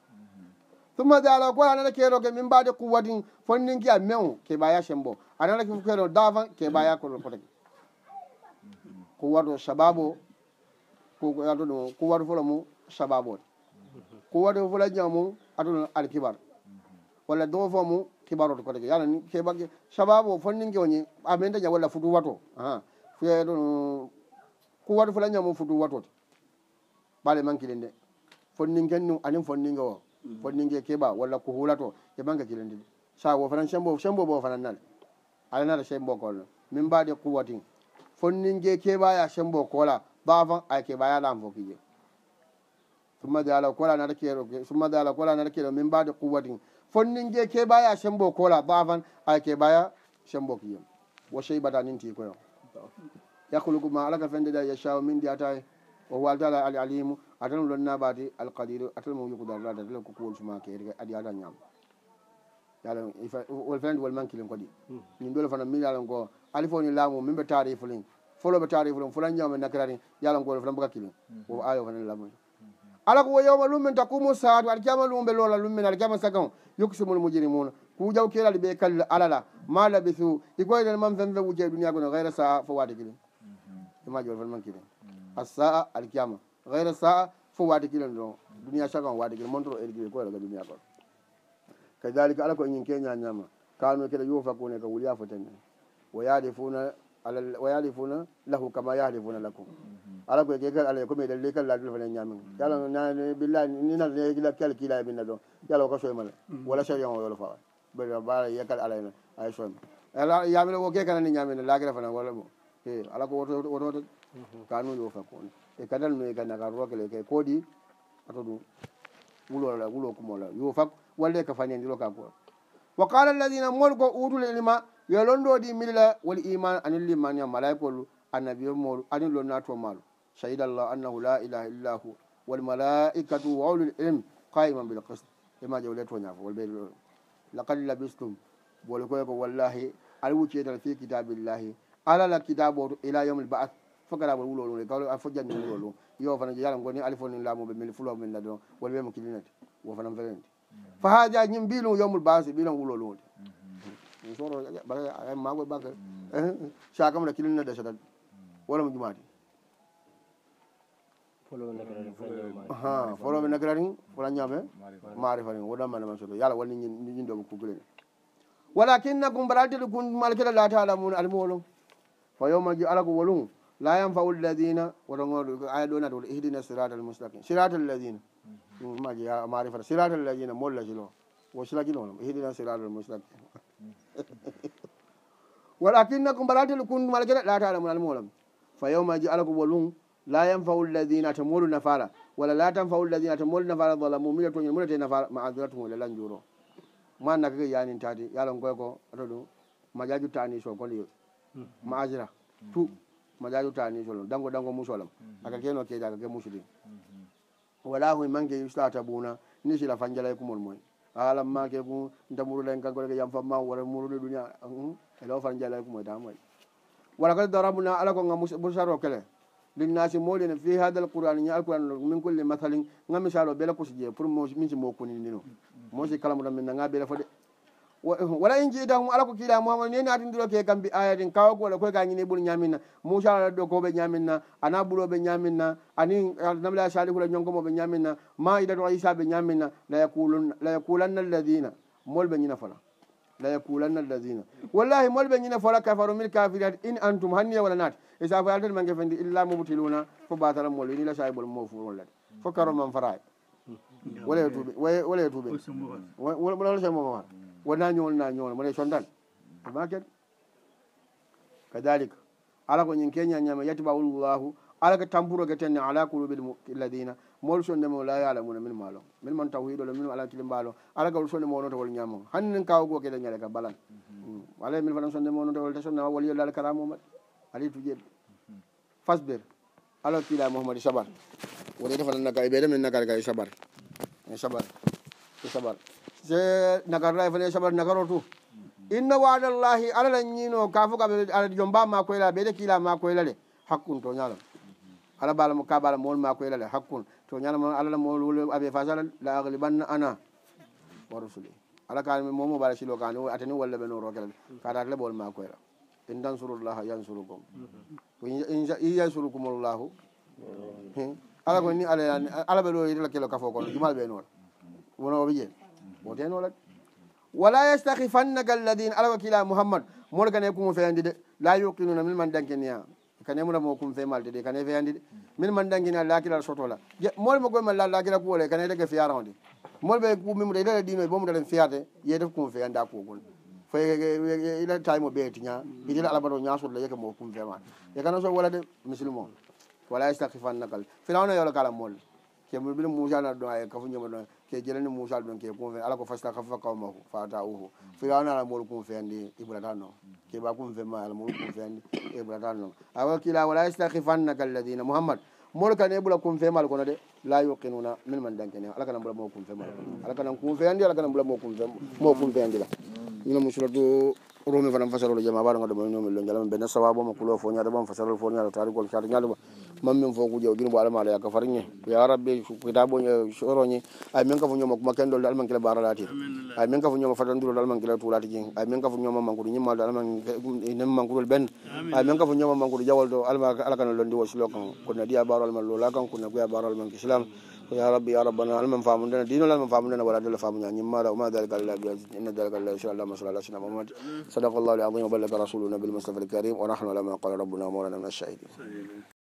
tuma daala goɗa anana keroge min mbaade kuwadi fonningi a mewo keɓaya sembo anana kkeno davan keɓaya koɗon fotake kuwado sababu ado ɗum kuwado fola mum sababu ode kuwado fola jam mum ado ɗum alkibar walla dogo fo mum kibarode kotake yanani keɓa sababu fonningi oñe amendaña walla futu wato fiyado ɗum kuwado fola jam mum futu watote ɓaale mankiɗen de fonningen ni anin fonningo o fonninge keɓa walla ko huulato keɓanga sa wo fanan sembo sembo bo fanan nale alanata sembo kolno min mbaɗi quwatin fonninge ya sembo kola bafan ay keɓaya lan fo kije summa dala kola nata kero summa dala kola nata kero min mbaɗi quwatin fonninge ya sembo kola bafan ay ya sembo kije wo seybata nin ti koyo yakhluqu ma alaka fende da yashau min di e. o wal taala al alimu atan mu lonna ɓaati alqadir atan mu yugdarla da tala kokuwol suma ke rega adi ata ñaam yalawol fenandi wol man kilin koɗi ñin hmm. ɗole fana mi yalan ko alifoni laamu min ɓe tarifulin folo ɓe tarifulin fula ñawme nakirati yalan ko wol fana mboka kilin hmm. o ayo fana lamu ala ko yowma lummin takumu saatu aɗa jama lumɓe lola lummin aɗa jama sagan yokkisimol mujiri mun ku jaw kelaɗi ɓe kalla alala ma labisu i koyɗen man fen fe wujje duniya gono gayra saa fo wade kilin hmm. imaji wol fana man kilin assa'a alkiyama gayra sa'a fo wade kilen ɗon duniya chaque on wade kile montoro elkile ko ga duniya ɗon kadalika ala ko eñin keñañama kanu e keɗa yufa kone ko wuliya fotene o yaade fona ala o yaade fona lahu kama yaade fona lako ala ko e ke kala e ko meɗen le kala ladul fane ñamin yala na billa ni na ne kila kal kila minna don yala ko soy mala wala shariyan o yolo faa be ba ya kala ala ay soy ala yamelo ko ke kala ni ñamin la gra fana wala bo ke ala ko woto woto kanuli o fakkoon e kadal no e gandaka rokele ke kooɗi ato ɗum wulola wulo kumola yo fak walle ka fanidiro kako wa qala alladina molgo utule ilma yo londodi milla wal iman anil limanya malaikol annabio molu anil lonnato malu shahida llah annahu la ilaha illa hu walmalaikatu wa ulul ilm qaima bil qist ema jawle toñafo wol ɓeɗo laqad labistum bolkoyko wallahi al wuccedal fi kitabillahi alala kitabo to ila yaumil baat fokkatamon wuulo ɗum kawle a fojjanni wuulo ɗum yo fana yala goni ali fonin laamuɓe min fulaɓemin lado wol wemo kilinete wo fanam ferende fa haaja ñim mbilum yommul bansi mbilon wuulo ɗum de soro mago banque chakamne kilinne desata wolamo jumaati ha folomi nagrani fula ñame maari fani woɗamanema soto yala wonni ñindomo kugulene walakinnakum mbaɗaltiɗo gun malkeɗa laataɗamum almuwolum fa yowma ji ala ko wolum la yanfau lladina waɗogoayaɗonatol ihdina sirata lmustaqim sirata lladina maji ya marifata sirata lladina mollajilo wo silakinono ihdina sirata lmustaqim walakinna ko mbaratel kundu mala geɗa ɗatala mu almolam fa yawma ji ala ko wolum la yanfau lladina to molu nafara walla la tanfau lladina to molu nafara dalamu mila toñol mulate nafara maadratumu le lan juro ma nakaki yanin tati yalon koy ko ato ɗum majaju tani sokoli maajira tout majaju tani solo dango dango musolam mm-hmm. aka keno ke daga ke musulin mm-hmm. wala hu mangi ustata buna ni sila fanjala ko mol moy ala ma ke ku ndamuru len kan ko ke yam famma wala muru de dunya mm-hmm. ela fanjala ko moy da moy wala ko dara buna ala ko ngam musul bursaro kele lin nasi molen fi hada alquran ni alquran min kulli mathalin ngam misalo bela ko sije pour mo min mo ko ni no mo si kalamu min nga bela fodi wala in jiida mo ala ko kiiɗa mohamado ni naatin ndiro ke kam mbi ayatin kawa ko waɗa koye ga ñini ɓuuri ñaminna mouchaalaɗa ɗo koɓe ñaminna ana ɓuuroɓe ñaminna ani namla sali hula ñonkomoɓe ñaminna ma idato isa ɓe ñaminna la yakulanna alladina molɓe ñina fola la yakulanna alladina wallahi molɓe ñina fola kafaru mil kafirati in antum hanniya wala naati isa fo yaltati mange fendi illa mobtiluna fo batala mol ini la sali ɓol mo fuolade fo karomam faraye wala tuɓe wala tuɓe wala sa momaa wona ñolna ñoola mboɗa condan amaken kadalik ala ko ñin keñañama yatibaullahu ala ko tampuroketenne ala kulubil ladina mol sondemo la yalamuna min malo min mon tawhidolo min ala kili mbalo ala kawol sondemo wonota wol ñamo hannin kawgoo kede ñaɗe ka balal ala min fana sondemo wonota wol tasonnama wol yollaala karamomaɗ ala tujeɓe fasber ala kiila mohamadi sabar wonde fananaka ɓeɗe min nakar ka sabar sabar sabar se nagarra e fane sabar nagaro tu inna waadallahi alalan ñino ka fogaɓ ala jom ba makoyla ɓeyde kiila makoylale hakkun to ñalam ala balam ka balam mool makoylale hakkun to ñalam alala mool aɓe fasala la aglibanna ana wa rusuli ala ka momo ɓala silo kani atani walla ɓe no rokelale kaatati le ɓool makoyla in dansurullaha yansurukum yansurukum llahu hmm? ala koni ala ala ɓe ɗo yitala kelo kafo kono jumal ɓe noota ونوبية موتين ولك ولا يستخفنك الذين على وكيل محمد مرغن يكون في عندي لا يقينون من من دنكنيا كان يمر موكم في مال دي كان في عندي من من دنكنيا لا كلا صوتولا مول مكو مال لا كلا كول كان يدك في عندي مول بكو من مدير الدين بوم دلن في عندي يدك كون في عندك كول في الى تايم nya idila alabado nya so leke mo kum fema ya kana so wala de ولا wala yastakhifan nakal firawna yola kala mol ke mo bil musa na دعاء ay kafu ke jelani moussa ɗon ke confin ala ko fasita kafa kaw mako fata ufo firawna alamoolu confinde ibrata noon ke ɓa confin ma alamoolu confinde ibrata noon awa kila wala yastahifannaka alladina mouhammad moolu kane ɓula confin mal kono de la yuqinuna min man dankene ala kana ɓula mo confin mal kono ala kana confinde ala kana ɓula mo confin mo confindela ino musulatu romi fanan fasarolo jama baɗo gaɗo mo nomi lo jalama ɓene sawaboma kulo fo ñata bam fasarol fo ñata tarigol cata ñatuba mamin fo kuje ogin bo alama alaya kafar ñe ya rabbi kitabo ñe eh, soro ñe ay min kafo ñoma kuma ken dolde almankila bara lati ay min kafo ñoma fatandirode almankila tulati jing ay min kafo ñoma mankudo ñimmalde alman nem eh, mankudol ben ay min kafo ñoma mankudo jawolde alma alakana londi wosilo kan ko nadi a baro alman lola kan ko nagoya baro alman kislam ya rabbi ya rabbana alman famundena dinol alman famundena wala dela famuña ñimmala wama dalika lla inna dalika lla sur allahuma sal ala sina mohammad sadaka llahu l azim wa ballaka rasuluna bilmustapha alkarim wa nahnu ala ma qala rabbuna wa maulana min alshahidin